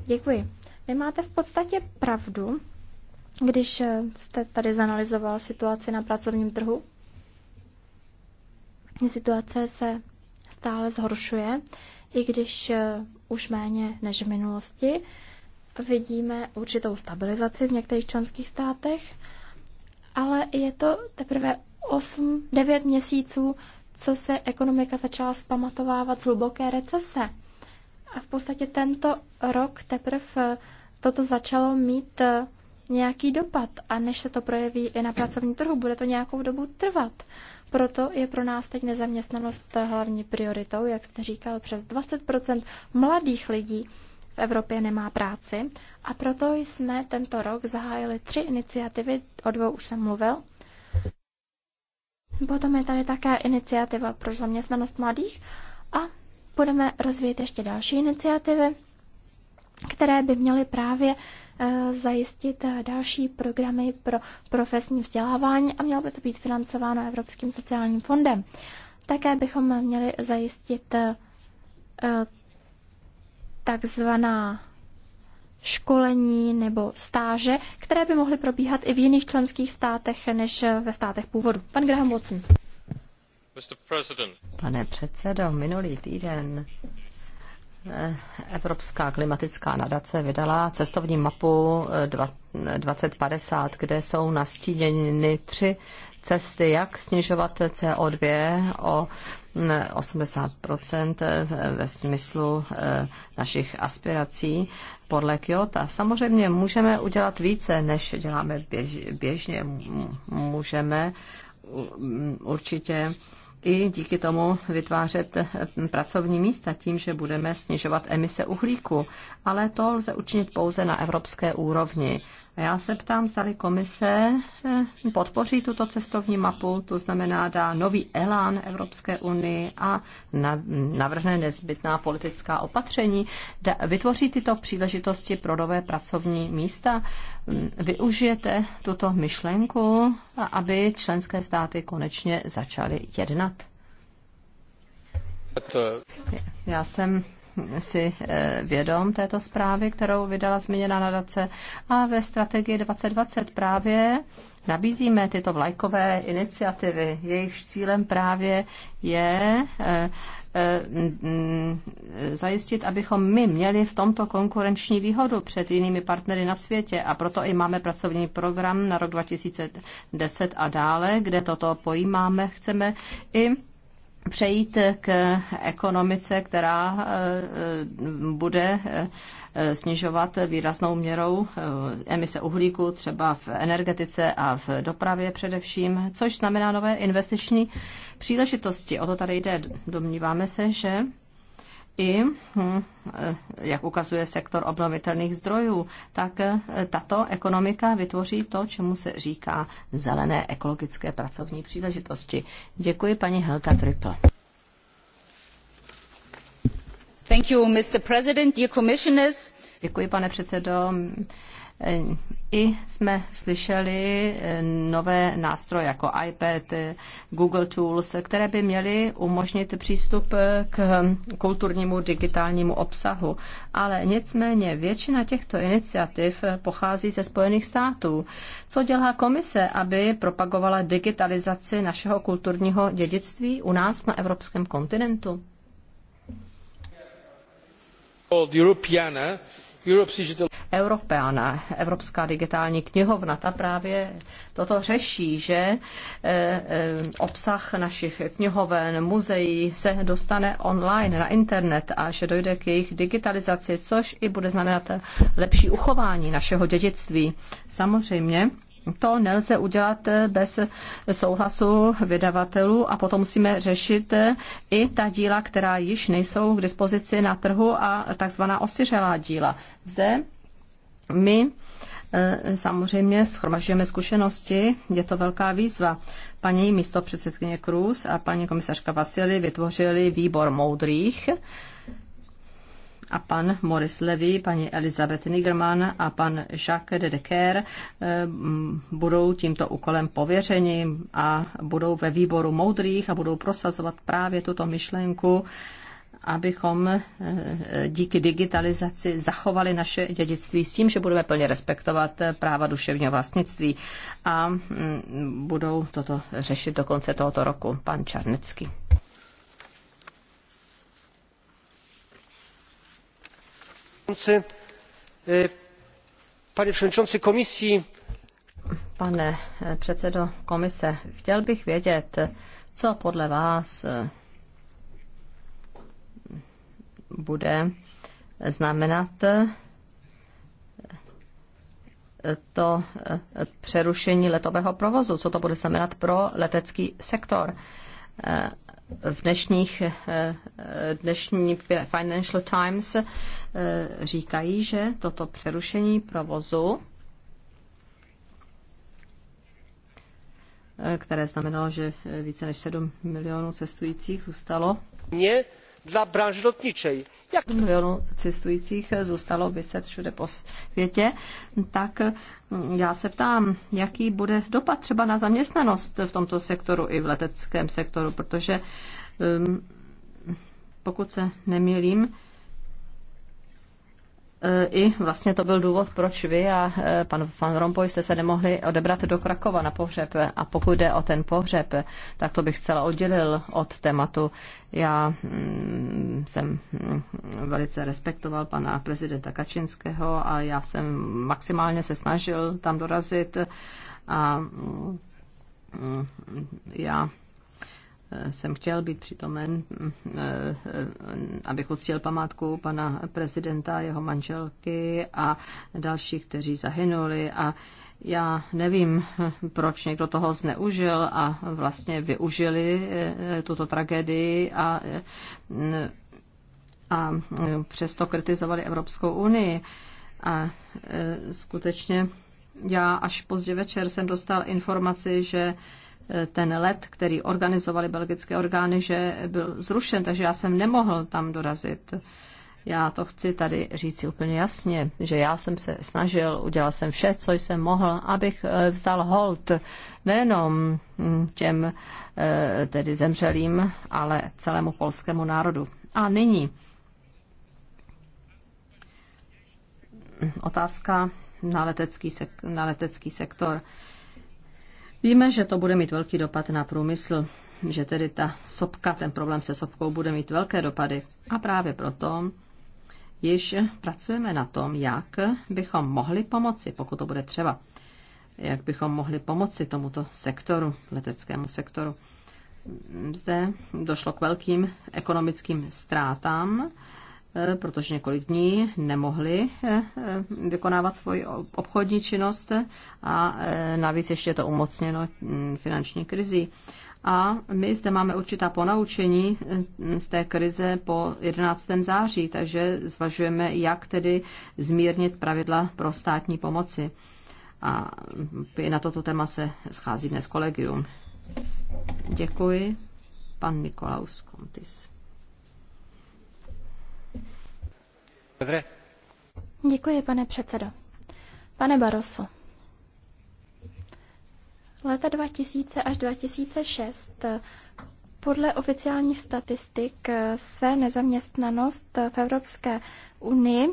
Děkuji. Vy máte v podstatě pravdu, když jste tady zanalizoval situaci na pracovním trhu. Situace se stále zhoršuje, i když eh, už méně než v minulosti. Vidíme určitou stabilizaci v některých členských státech, ale je to teprve 8-9 měsíců, co se ekonomika začala zpamatovávat z hluboké recese. A v podstatě tento rok teprve eh, toto začalo mít eh, nějaký dopad a než se to projeví i na pracovní trhu, bude to nějakou dobu trvat. Proto je pro nás teď nezaměstnanost hlavní prioritou, jak jste říkal, přes 20 mladých lidí v Evropě nemá práci a proto jsme tento rok zahájili tři iniciativy, o dvou už jsem mluvil. Potom je tady také iniciativa pro zaměstnanost mladých a budeme rozvíjet ještě další iniciativy, které by měly právě Eh, zajistit eh, další programy pro profesní vzdělávání a mělo by to být financováno Evropským sociálním fondem. Také bychom měli zajistit eh, takzvaná školení nebo stáže, které by mohly probíhat i v jiných členských státech než ve státech původu. Pan Graham Watson. Pane předsedo, minulý týden Evropská klimatická nadace vydala cestovní mapu 2050, eh, eh, kde jsou nastíněny tři cesty, jak snižovat CO2 o 80 eh, ve smyslu našich aspirací podle Kyoto. Samozřejmě můžeme udělat více, než děláme běžně. Můžeme určitě i díky tomu vytvářet eh, pracovní místa tím, že budeme snižovat emise uhlíku. Ale to lze učinit pouze na evropské úrovni. A já se ptám, zda komise eh, podpoří tuto cestovní mapu, to znamená dá nový elán Evropské unii a navrhne nezbytná politická opatření, vytvoří tyto příležitosti pro nové pracovní místa. Mm, využijete tuto myšlenku, aby členské státy konečně začaly jednat. Já jsem si eh, vědom této zprávy, kterou vydala zmíněná nadace. A ve strategii 2020 právě nabízíme tyto vlajkové iniciativy. Jejich cílem právě je eh, eh, mm, zajistit, abychom my měli v tomto konkurenční výhodu před jinými partnery na světě a proto i máme pracovní program na rok 2010 a dále, kde toto pojímáme. Chceme i přejít k ekonomice, která eh, bude eh, snižovat výraznou měrou eh, emise uhlíku, třeba v energetice a v dopravě především, což znamená nové investiční příležitosti. O to tady jde. Domníváme se, že i, hm, eh, jak ukazuje sektor obnovitelných zdrojů, tak eh, tato ekonomika vytvoří to, čemu se říká zelené ekologické pracovní příležitosti. Děkuji paní Helka Triple. Thank you, Mr. President, dear commissioners. Děkuji, pane předsedo i jsme slyšeli eh, nové nástroje jako iPad, eh, Google Tools, které by měly umožnit přístup eh, k kulturnímu digitálnímu obsahu. Ale nicméně většina těchto iniciativ pochází ze Spojených států. Co dělá komise, aby propagovala digitalizaci našeho kulturního dědictví u nás na evropském kontinentu? Europeana Europeana, Evropská digitální knihovna, ta právě toto řeší, že eh, eh, obsah našich knihoven, muzeí se dostane online na internet a že dojde k jejich digitalizaci, což i bude znamenat lepší uchování našeho dědictví. Samozřejmě, to nelze udělat eh, bez souhlasu vydavatelů a potom musíme řešit eh, i ta díla, která již nejsou k dispozici na trhu a takzvaná osiřelá díla. Zde my eh, samozřejmě schromažujeme zkušenosti, je to velká výzva. Paní místo předsedkyně Krus a paní komisařka Vasily vytvořili výbor moudrých, a pan Morris Levy, paní Elizabeth Nigerman a pan Jacques Dedeker eh, budou tímto úkolem pověřeni a budou ve výboru moudrých a budou prosazovat právě tuto myšlenku, abychom eh, díky digitalizaci zachovali naše dědictví s tím, že budeme plně respektovat eh, práva duševního vlastnictví a mm, budou toto řešit do konce tohoto roku pan Čarnecký. pane předsedající pane předsedo komise chtěl bych vědět co podle vás bude znamenat to přerušení letového provozu co to bude znamenat pro letecký sektor v dnešních, eh, dnešní Financial Times eh, říkají, že toto přerušení provozu, eh, které znamenalo, že více než 7 milionů cestujících zůstalo. Mě dla branži lotniczej jak milionů cestujících zůstalo vyset všude po světě, tak já se ptám, jaký bude dopad třeba na zaměstnanost v tomto sektoru i v leteckém sektoru, protože um, pokud se nemýlím, E, i vlastně to byl důvod, proč vy a e, pan Van Rompuy jste se nemohli odebrat do Krakova na pohřeb. A pokud jde o ten pohřeb, tak to bych zcela oddělil od tématu. Já mm, jsem mm, velice respektoval pana prezidenta Kačinského a já jsem maximálně se snažil tam dorazit a mm, já jsem chtěl být přitomen, abych uctil památku pana prezidenta, jeho manželky a dalších, kteří zahynuli a já nevím, proč někdo toho zneužil a vlastně využili eh, tuto tragédii a, eh, a eh, přesto kritizovali Evropskou unii. A skutečně já až pozdě večer jsem dostal informaci, že ten let, který organizovali belgické orgány, že byl zrušen, takže já jsem nemohl tam dorazit. Já to chci tady říci úplně jasně, že já jsem se snažil, udělal jsem vše, co jsem mohl, abych eh, vzdal hold nejenom hm, těm eh, tedy zemřelým, ale celému polskému národu. A nyní otázka na letecký, sek- na letecký sektor. Víme, že to bude mít velký dopad na průmysl, že tedy ta sopka, ten problém se sopkou bude mít velké dopady. A právě proto již pracujeme na tom, jak bychom mohli pomoci, pokud to bude třeba, jak bychom mohli pomoci tomuto sektoru, leteckému sektoru. Zde došlo k velkým ekonomickým ztrátám Eh, protože několik dní nemohli eh, eh, vykonávat svoji obchodní činnost a navíc ještě je to umocněno hm, finanční krizí. A my zde máme určitá ponaučení hm, z té krize po 11. září, takže zvažujeme, jak tedy zmírnit pravidla pro státní pomoci. A hm, i na toto téma se schází dnes kolegium. Děkuji. Pan Nikolaus Kontis. Děkuji, pane předsedo. Pane Baroso, leta 2000 až 2006 podle oficiálních statistik se nezaměstnanost v Evropské unii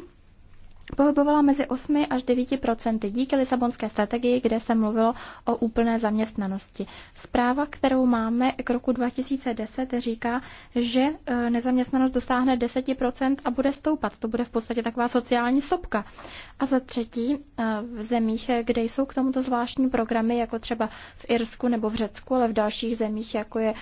pohybovala mezi 8 až 9 procenty díky Lisabonské strategii, kde se mluvilo o úplné zaměstnanosti. Zpráva, kterou máme k roku 2010, říká, že e, nezaměstnanost dosáhne 10 a bude stoupat. To bude v podstatě taková sociální sopka. A za třetí, e, v zemích, e, kde jsou k tomuto zvláštní programy, jako třeba v Irsku nebo v Řecku, ale v dalších zemích, jako je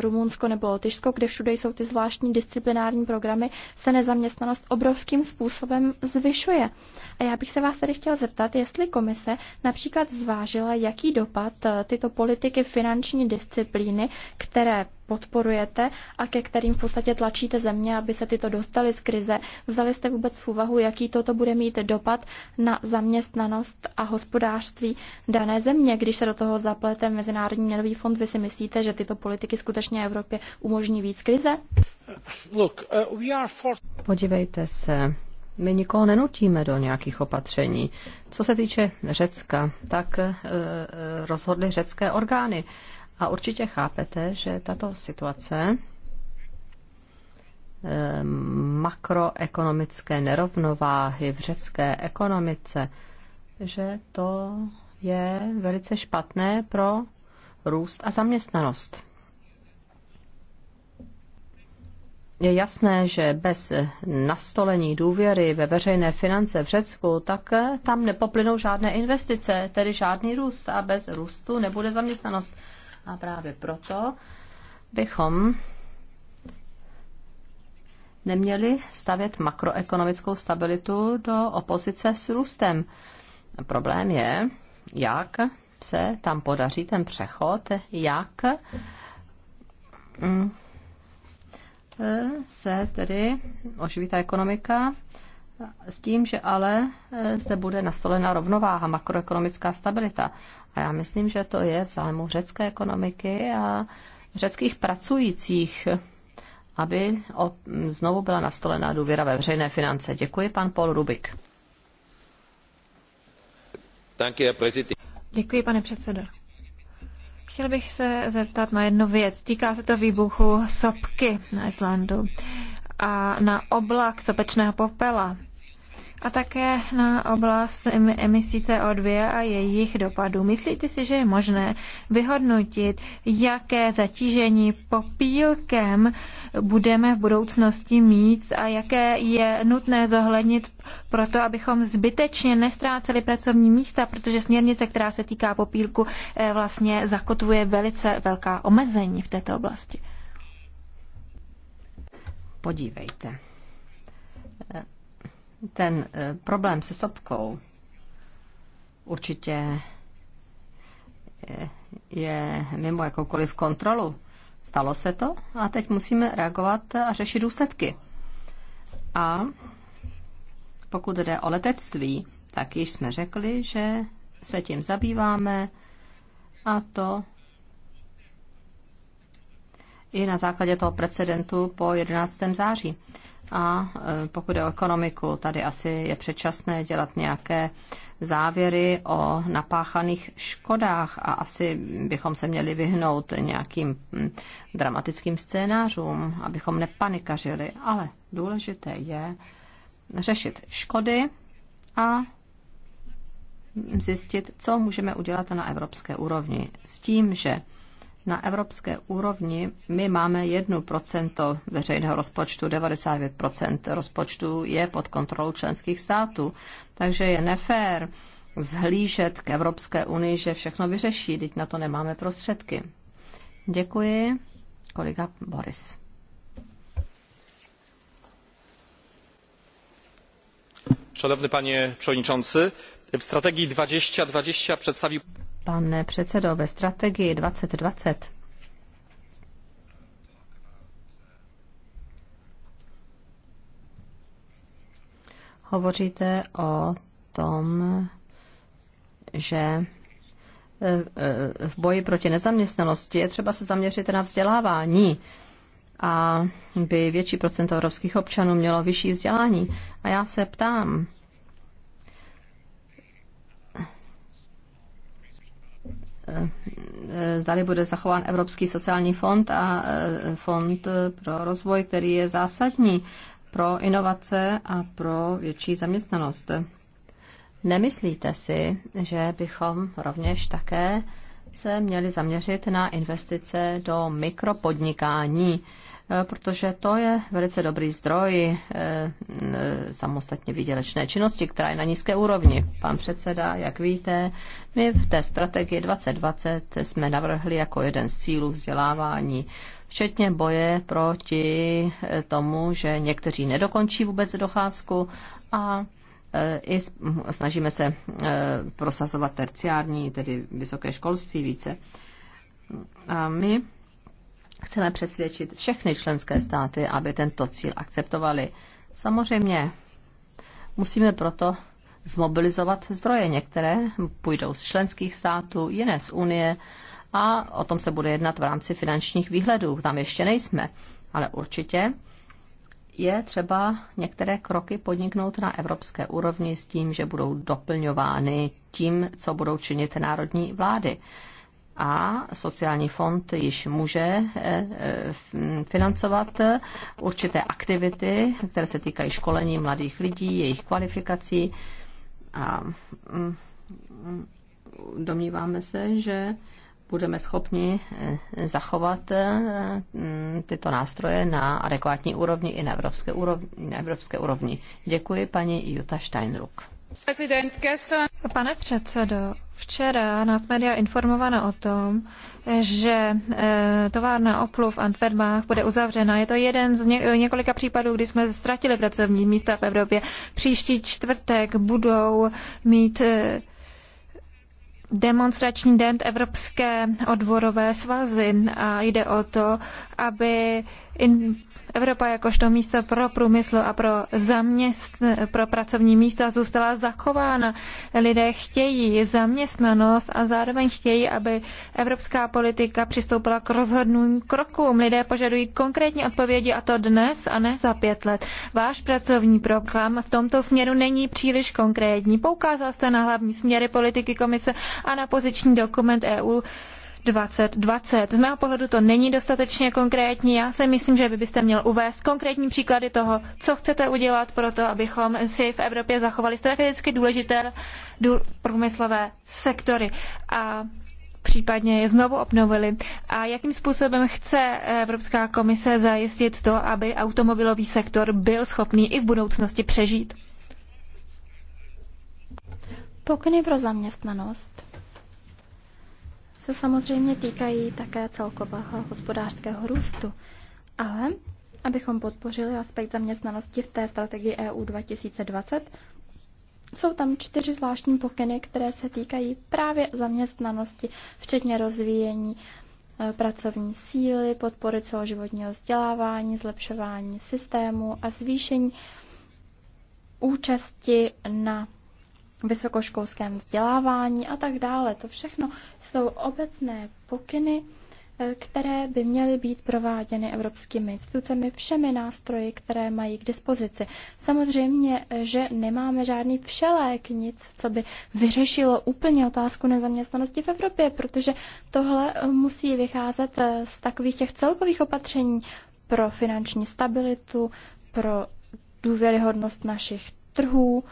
Rumunsko nebo Lotyšsko, kde všude jsou ty zvláštní disciplinární programy, se nezaměstnanost obrovským způsobem zvyšuje. A já bych se vás tady chtěla zeptat, jestli komise například zvážila, jaký dopad eh, tyto politiky finanční disciplíny, které podporujete a ke kterým v podstatě tlačíte země, aby se tyto dostaly z krize. Vzali jste vůbec v úvahu, jaký toto bude mít dopad na zaměstnanost a hospodářství dané země, když se do toho zaplete Mezinárodní měnový fond. Vy si myslíte, že tyto politiky skutečně Evropě umožní víc krize? Uh, Podívejte se, my nikoho nenutíme do nějakých opatření. Co se týče Řecka, tak eh, eh, rozhodly řecké orgány. A určitě chápete, že tato situace ehm, makroekonomické nerovnováhy v řecké ekonomice, že to je velice špatné pro růst a zaměstnanost. Je jasné, že bez nastolení důvěry ve veřejné finance v Řecku, tak tam nepoplynou žádné investice, tedy žádný růst a bez růstu nebude zaměstnanost. A právě proto bychom neměli stavět makroekonomickou stabilitu do opozice s růstem. Problém je, jak se tam podaří ten přechod, jak mm, e, se tedy oživí ta ekonomika s tím, že ale e, zde bude nastolena rovnováha, makroekonomická stabilita. A já myslím, že to je v zájmu řecké ekonomiky a řeckých pracujících, aby znovu byla nastolená důvěra ve veřejné finance. Děkuji, pan Paul Rubik. Děkuji, pane předsedo. Chtěl bych se zeptat na jednu věc. Týká se to výbuchu sopky na Islandu a na oblak sopečného popela a také na oblast emisí CO2 a jejich dopadů. Myslíte si, že je možné vyhodnotit, jaké zatížení popílkem budeme v budoucnosti mít a jaké je nutné zohlednit proto, abychom zbytečně nestráceli pracovní místa, protože směrnice, která se týká popílku, eh, vlastně zakotvuje velice velká omezení v této oblasti. Podívejte ten eh, problém se sopkou určitě je, eh, je mimo jakoukoliv kontrolu. Stalo se to a teď musíme reagovat a řešit důsledky. A pokud jde o letectví, tak již jsme řekli, že se tím zabýváme a to i na základě toho precedentu po 11. září. A e, pokud je o ekonomiku, tady asi je předčasné dělat nějaké závěry o napáchaných škodách a asi bychom se měli vyhnout nějakým dramatickým scénářům, abychom nepanikařili. Ale důležité je řešit škody a zjistit, co můžeme udělat na evropské úrovni. S tím, že na evropské úrovni my máme 1% veřejného rozpočtu, 99% rozpočtu je pod kontrolou členských států. Takže je nefér zhlížet k Evropské unii, že všechno vyřeší, teď na to nemáme prostředky. Děkuji. Kolega Boris. Szanowny panie przewodniczący, w strategii 2020 przedstawił Pane předsedo, ve strategii 2020 hovoříte o tom, že e, e, v boji proti nezaměstnanosti je třeba se zaměřit na vzdělávání a by větší procento evropských občanů mělo vyšší vzdělání. A já se ptám, Eh, zdali bude zachován Evropský sociální fond a eh, fond pro rozvoj, který je zásadní pro inovace a pro větší zaměstnanost. Nemyslíte si, že bychom rovněž také se měli zaměřit na investice do mikropodnikání? Eh, protože to je velice dobrý zdroj eh, eh, samostatně výdělečné činnosti, která je na nízké úrovni. Pan předseda, jak víte, my v té strategii 2020 jsme navrhli jako jeden z cílů vzdělávání včetně boje proti tomu, že někteří nedokončí vůbec docházku a i hm, snažíme se prosazovat terciární, tedy vysoké školství více. A my Chceme přesvědčit všechny členské státy, aby tento cíl akceptovali. Samozřejmě musíme proto zmobilizovat zdroje. Některé půjdou z členských států, jiné z Unie a o tom se bude jednat v rámci finančních výhledů. Tam ještě nejsme, ale určitě je třeba některé kroky podniknout na evropské úrovni s tím, že budou doplňovány tím, co budou činit národní vlády a sociální fond již může eh, eh, financovat určité aktivity, které se týkají školení mladých lidí, jejich kvalifikací a mm, mm, domníváme se, že budeme schopni eh, zachovat mm, tyto nástroje na adekvátní úrovni i na evropské úrovni. Na evropské úrovni. Děkuji paní Jutta Steinruck. Pane předsedo, včera nás média informovala o tom, že e, továrna Oplu v Antwerpách bude uzavřena. Je to jeden z několika případů, kdy jsme ztratili pracovní místa v Evropě. Příští čtvrtek budou mít e, demonstrační den Evropské odborové svazy a jde o to, aby in... Evropa jakožto místo pro průmysl a pro zaměst, pro pracovní místa zůstala zachována. Lidé chtějí zaměstnanost a zároveň chtějí, aby evropská politika přistoupila k rozhodným krokům. Lidé požadují konkrétní odpovědi a to dnes a ne za pět let. Váš pracovní program v tomto směru není příliš konkrétní. Poukázal jste na hlavní směry politiky komise a na poziční dokument EU 2020. Z mého pohledu to není dostatečně konkrétní. Já si myslím, že vy byste měl uvést konkrétní příklady toho, co chcete udělat pro to, abychom si v Evropě zachovali strategicky důležité průmyslové sektory. A případně je znovu obnovili. A jakým způsobem chce Evropská komise zajistit to, aby automobilový sektor byl schopný i v budoucnosti přežít? Pokyny pro zaměstnanost se samozřejmě týkají také celkového hospodářského růstu. Ale abychom podpořili aspekt zaměstnanosti v té strategii EU 2020, jsou tam čtyři zvláštní pokyny, které se týkají právě zaměstnanosti, včetně rozvíjení e, pracovní síly, podpory celoživotního vzdělávání, zlepšování systému a zvýšení účasti na vysokoškolském vzdělávání a tak dále. To všechno jsou obecné pokyny, eh, které by měly být prováděny evropskými institucemi všemi nástroji, které mají k dispozici. Samozřejmě, eh, že nemáme žádný všelék, nic, co by vyřešilo úplně otázku nezaměstnanosti v Evropě, protože tohle eh, musí vycházet z takových těch celkových opatření pro finanční stabilitu, pro důvěryhodnost našich trhů,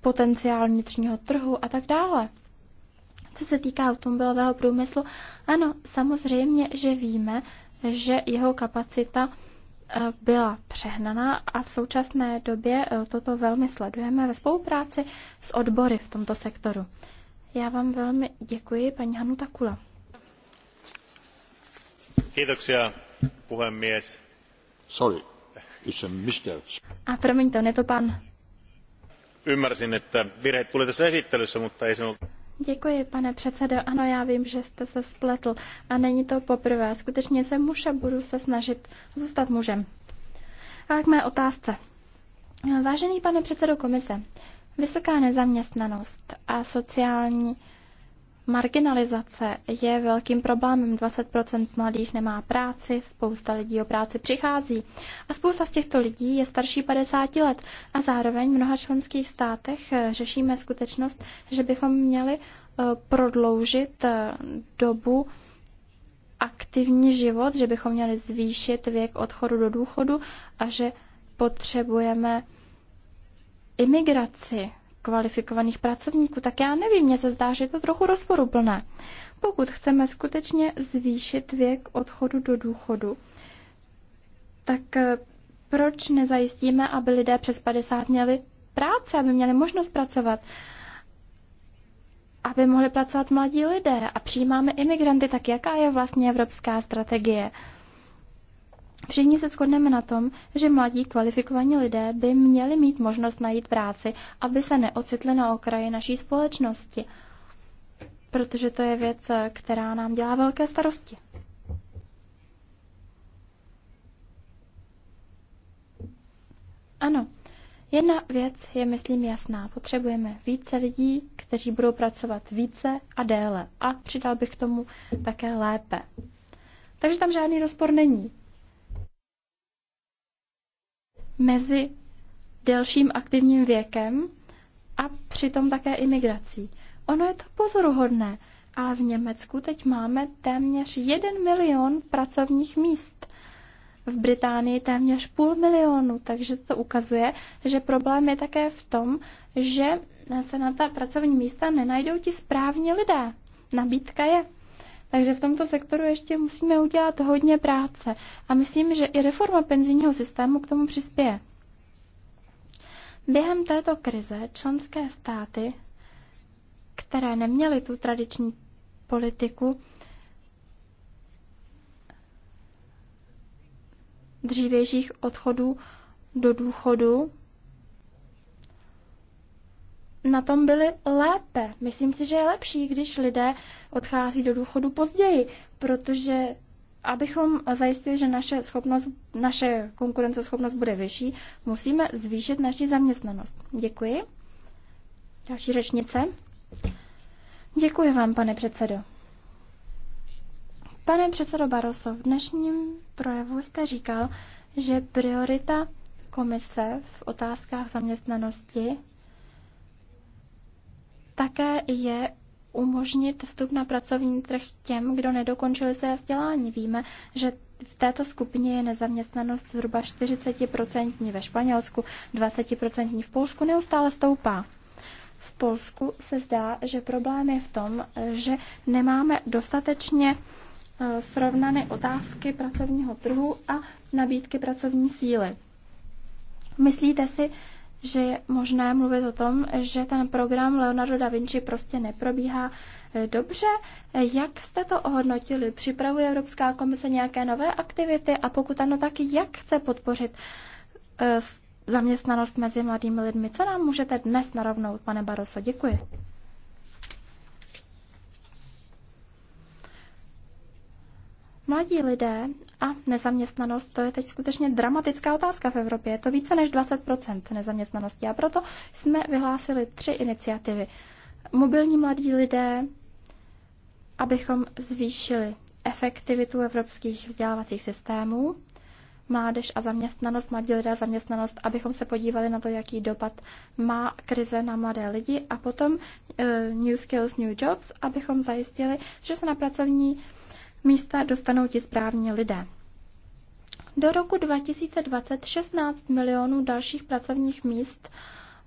potenciál vnitřního trhu a tak dále. Co se týká automobilového průmyslu, ano, samozřejmě, že víme, že jeho kapacita eh, byla přehnaná a v současné době eh, toto velmi sledujeme ve spolupráci s odbory v tomto sektoru. Já vám velmi děkuji, paní Hanu Takula. Kiitoksia, puhemies. Sorry, it's a mister. A promiňte, to, je to pan ymmärsin että virhe tuli tässä esittelyssä mutta ei se ollut. Děkuji, pane předsedající Ano, já vím, že jste se spletl. A není to poprvé. Skutečně jsem a budu se snažit zůstat mužem. Ale k mé otázce. Vážený pane předsedo komise, vysoká nezaměstnanost a sociální Marginalizace je velkým problémem. 20% mladých nemá práci, spousta lidí o práci přichází. A spousta z těchto lidí je starší 50 let. A zároveň v mnoha členských státech eh, řešíme skutečnost, že bychom měli eh, prodloužit eh, dobu aktivní život, že bychom měli zvýšit věk odchodu do důchodu a že potřebujeme imigraci kvalifikovaných pracovníků, tak já nevím, mně se zdá, že je to trochu rozporuplné. Pokud chceme skutečně zvýšit věk odchodu do důchodu, tak eh, proč nezajistíme, aby lidé přes 50 měli práce, aby měli možnost pracovat, aby mohli pracovat mladí lidé a přijímáme imigranty, tak jaká je vlastně evropská strategie? Všichni se shodneme na tom, že mladí kvalifikovaní lidé by měli mít možnost najít práci, aby se neocitli na okraji naší společnosti. Protože to je věc, která nám dělá velké starosti. Ano, jedna věc je, myslím, jasná. Potřebujeme více lidí, kteří budou pracovat více a déle. A přidal bych k tomu také lépe. Takže tam žádný rozpor není mezi delším aktivním věkem a přitom také imigrací. Ono je to pozoruhodné, ale v Německu teď máme téměř 1 milion pracovních míst. V Británii téměř půl milionu, takže to ukazuje, že problém je také v tom, že se na ta pracovní místa nenajdou ti správní lidé. Nabídka je. Takže v tomto sektoru ještě musíme udělat hodně práce a myslím, že i reforma penzijního systému k tomu přispěje. Během této krize členské státy, které neměly tu tradiční politiku, dřívějších odchodů do důchodu, na tom byli lépe. Myslím si, že je lepší, když lidé odchází do důchodu později, protože abychom zajistili, že naše, schopnost, naše konkurenceschopnost bude vyšší, musíme zvýšit naši zaměstnanost. Děkuji. Další řečnice. Děkuji vám, pane předsedo. Pane předsedo Baroso, v dnešním projevu jste říkal, že priorita komise v otázkách zaměstnanosti také je umožnit vstup na pracovní trh těm, kdo nedokončili své vzdělání. Víme, že v této skupině je nezaměstnanost zhruba 40% ve Španělsku, 20% v Polsku, neustále stoupá. V Polsku se zdá, že problém je v tom, že nemáme dostatečně eh, srovnané otázky pracovního trhu a nabídky pracovní síly. Myslíte si, že je možné mluvit o tom, že ten program Leonardo da Vinci prostě neprobíhá e, dobře. Jak jste to ohodnotili? Připravuje Evropská komise nějaké nové aktivity a pokud ano, tak jak chce podpořit e, zaměstnanost mezi mladými lidmi? Co nám můžete dnes narovnout, pane Baroso? Děkuji. Mladí lidé a nezaměstnanost, to je teď skutečně dramatická otázka v Evropě. Je to více než 20 nezaměstnanosti a proto jsme vyhlásili tři iniciativy. Mobilní mladí lidé, abychom zvýšili efektivitu evropských vzdělávacích systémů, mládež a zaměstnanost, mladí lidé a zaměstnanost, abychom se podívali na to, jaký dopad má krize na mladé lidi a potom uh, New Skills, New Jobs, abychom zajistili, že se na pracovní uh, místa dostanou ti správní lidé. Do roku 2020 16 milionů dalších pracovních míst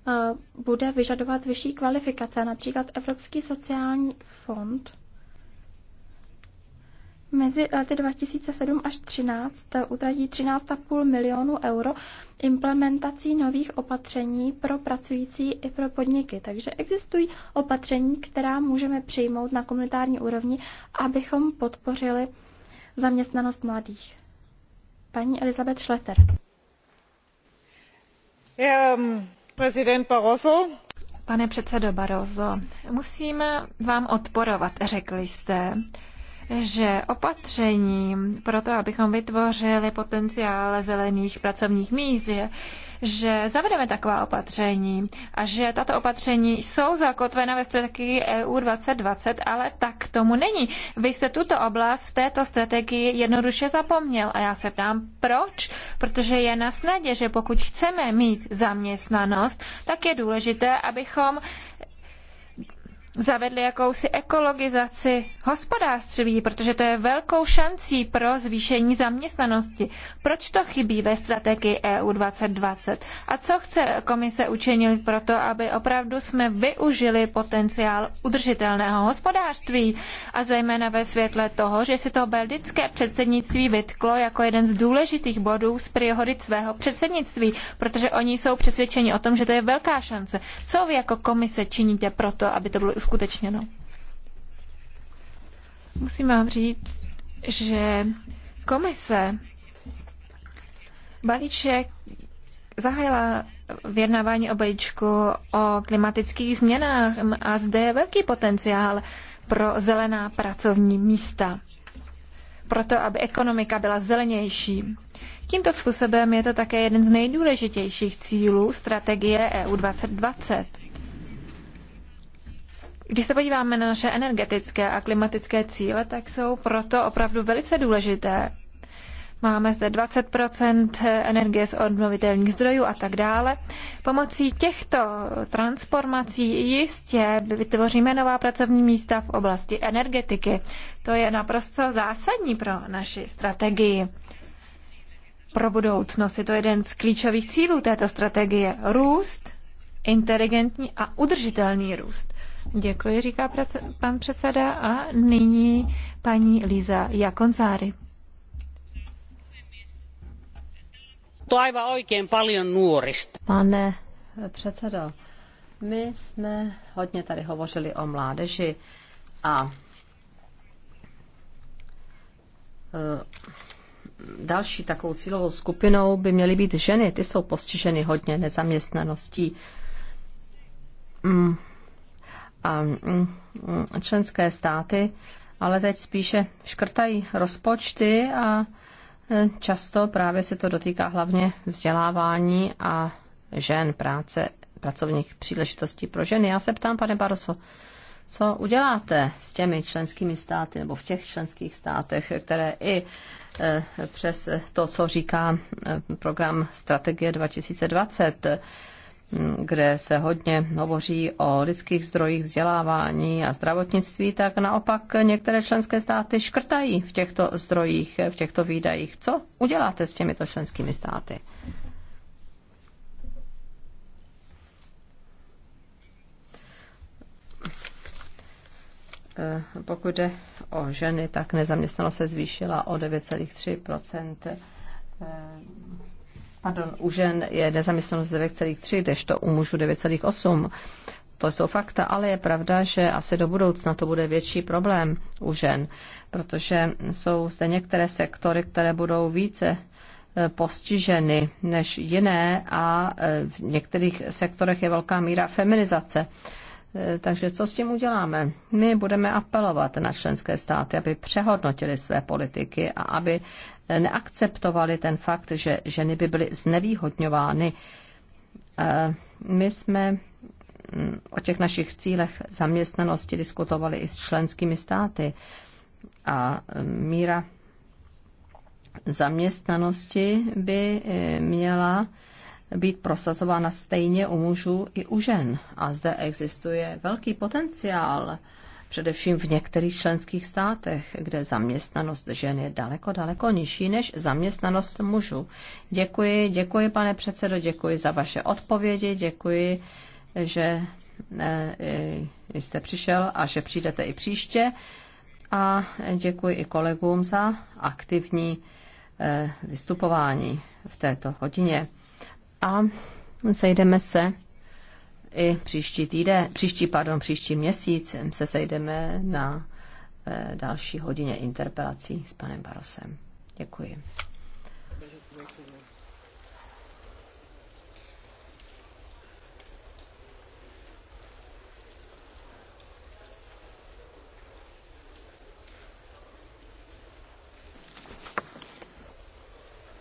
eh, bude vyžadovat vyšší kvalifikace. Například Evropský sociální fond Mezi lety 2007 až 2013 eh, utratí 13,5 milionu euro implementací nových opatření pro pracující i pro podniky. Takže existují opatření, která můžeme přijmout na komunitární úrovni, abychom podpořili zaměstnanost mladých. Paní Elizabeth Schletter. Um, ehm, prezident Barroso, Pane předsedo Barroso, musím vám odporovat, řekli jste, že opatření pro to, abychom vytvořili potenciál zelených pracovních míst, je, že zavedeme taková opatření a že tato opatření jsou zakotvena ve strategii EU 2020, ale tak tomu není. Vy jste tuto oblast v této strategii jednoduše zapomněl a já se ptám, proč? Protože je na snadě, že pokud chceme mít zaměstnanost, tak je důležité, abychom zavedli jakousi ekologizaci hospodářství, protože to je velkou šancí pro zvýšení zaměstnanosti. Proč to chybí ve strategii EU 2020? A co chce komise učinit pro to, aby opravdu jsme využili potenciál udržitelného hospodářství a zejména ve světle toho, že si to belgické předsednictví vytklo jako jeden z důležitých bodů z priorit svého předsednictví, protože oni jsou přesvědčeni o tom, že to je velká šance. Co vy jako komise činíte pro to, aby to bylo uskutečněno. Musím vám říct, že komise balíček zahájila vyjednávání o balíčku o klimatických změnách a zde je velký potenciál pro zelená pracovní místa. Proto, aby ekonomika byla zelenější. Tímto způsobem je to také jeden z nejdůležitějších cílů strategie EU 2020. Když se podíváme na naše energetické a klimatické cíle, tak jsou proto opravdu velice důležité. Máme zde 20 energie z obnovitelných zdrojů a tak dále. Pomocí těchto transformací jistě vytvoříme nová pracovní místa v oblasti energetiky. To je naprosto zásadní pro naši strategii pro budoucnost. Je to jeden z klíčových cílů této strategie. Růst, inteligentní a udržitelný růst. Děkuji, říká pan předseda. A nyní paní Liza Jakonzáry. To oikein paljon nuorista. Pane předsedo, my jsme hodně tady hovořili o mládeži a e, další takovou cílovou skupinou by měly být ženy. Ty jsou postiženy hodně nezaměstnaností. Mm a mm, mm, členské státy, ale teď spíše škrtají rozpočty a e, často právě se to dotýká hlavně vzdělávání a žen, práce, pracovních příležitostí pro ženy. Já se ptám, pane Baroso, co uděláte s těmi členskými státy nebo v těch členských státech, které i e, přes to, co říká e, program Strategie 2020, kde se hodně hovoří o lidských zdrojích vzdělávání a zdravotnictví, tak naopak některé členské státy škrtají v těchto zdrojích, v těchto výdajích. Co uděláte s těmito členskými státy? Eh, pokud jde o ženy, tak nezaměstnanost se zvýšila o 9,3 pardon, u žen je nezaměstnanost 9,3, to u mužů 9,8. To jsou fakta, ale je pravda, že asi do budoucna to bude větší problém u žen, protože jsou zde některé sektory, které budou více e, postiženy než jiné a e, v některých sektorech je velká míra feminizace. Eh, takže co s tím uděláme? My budeme apelovat na členské státy, aby přehodnotili své politiky a aby neakceptovali ten fakt, že ženy by byly znevýhodňovány. Eh, my jsme mm, o těch našich cílech zaměstnanosti diskutovali i s členskými státy a eh, míra zaměstnanosti by měla být prosazována stejně u mužů i u žen. A zde existuje velký potenciál, především v některých členských státech, kde zaměstnanost žen je daleko, daleko nižší než zaměstnanost mužů. Děkuji, děkuji, pane předsedo, děkuji za vaše odpovědi, děkuji, že e, e, jste přišel a že přijdete i příště. A děkuji i kolegům za aktivní e, vystupování v této hodině a sejdeme se i příští týden, příští, pardon, příští měsíc se sejdeme na eh, další hodině interpelací s panem Barosem. Děkuji.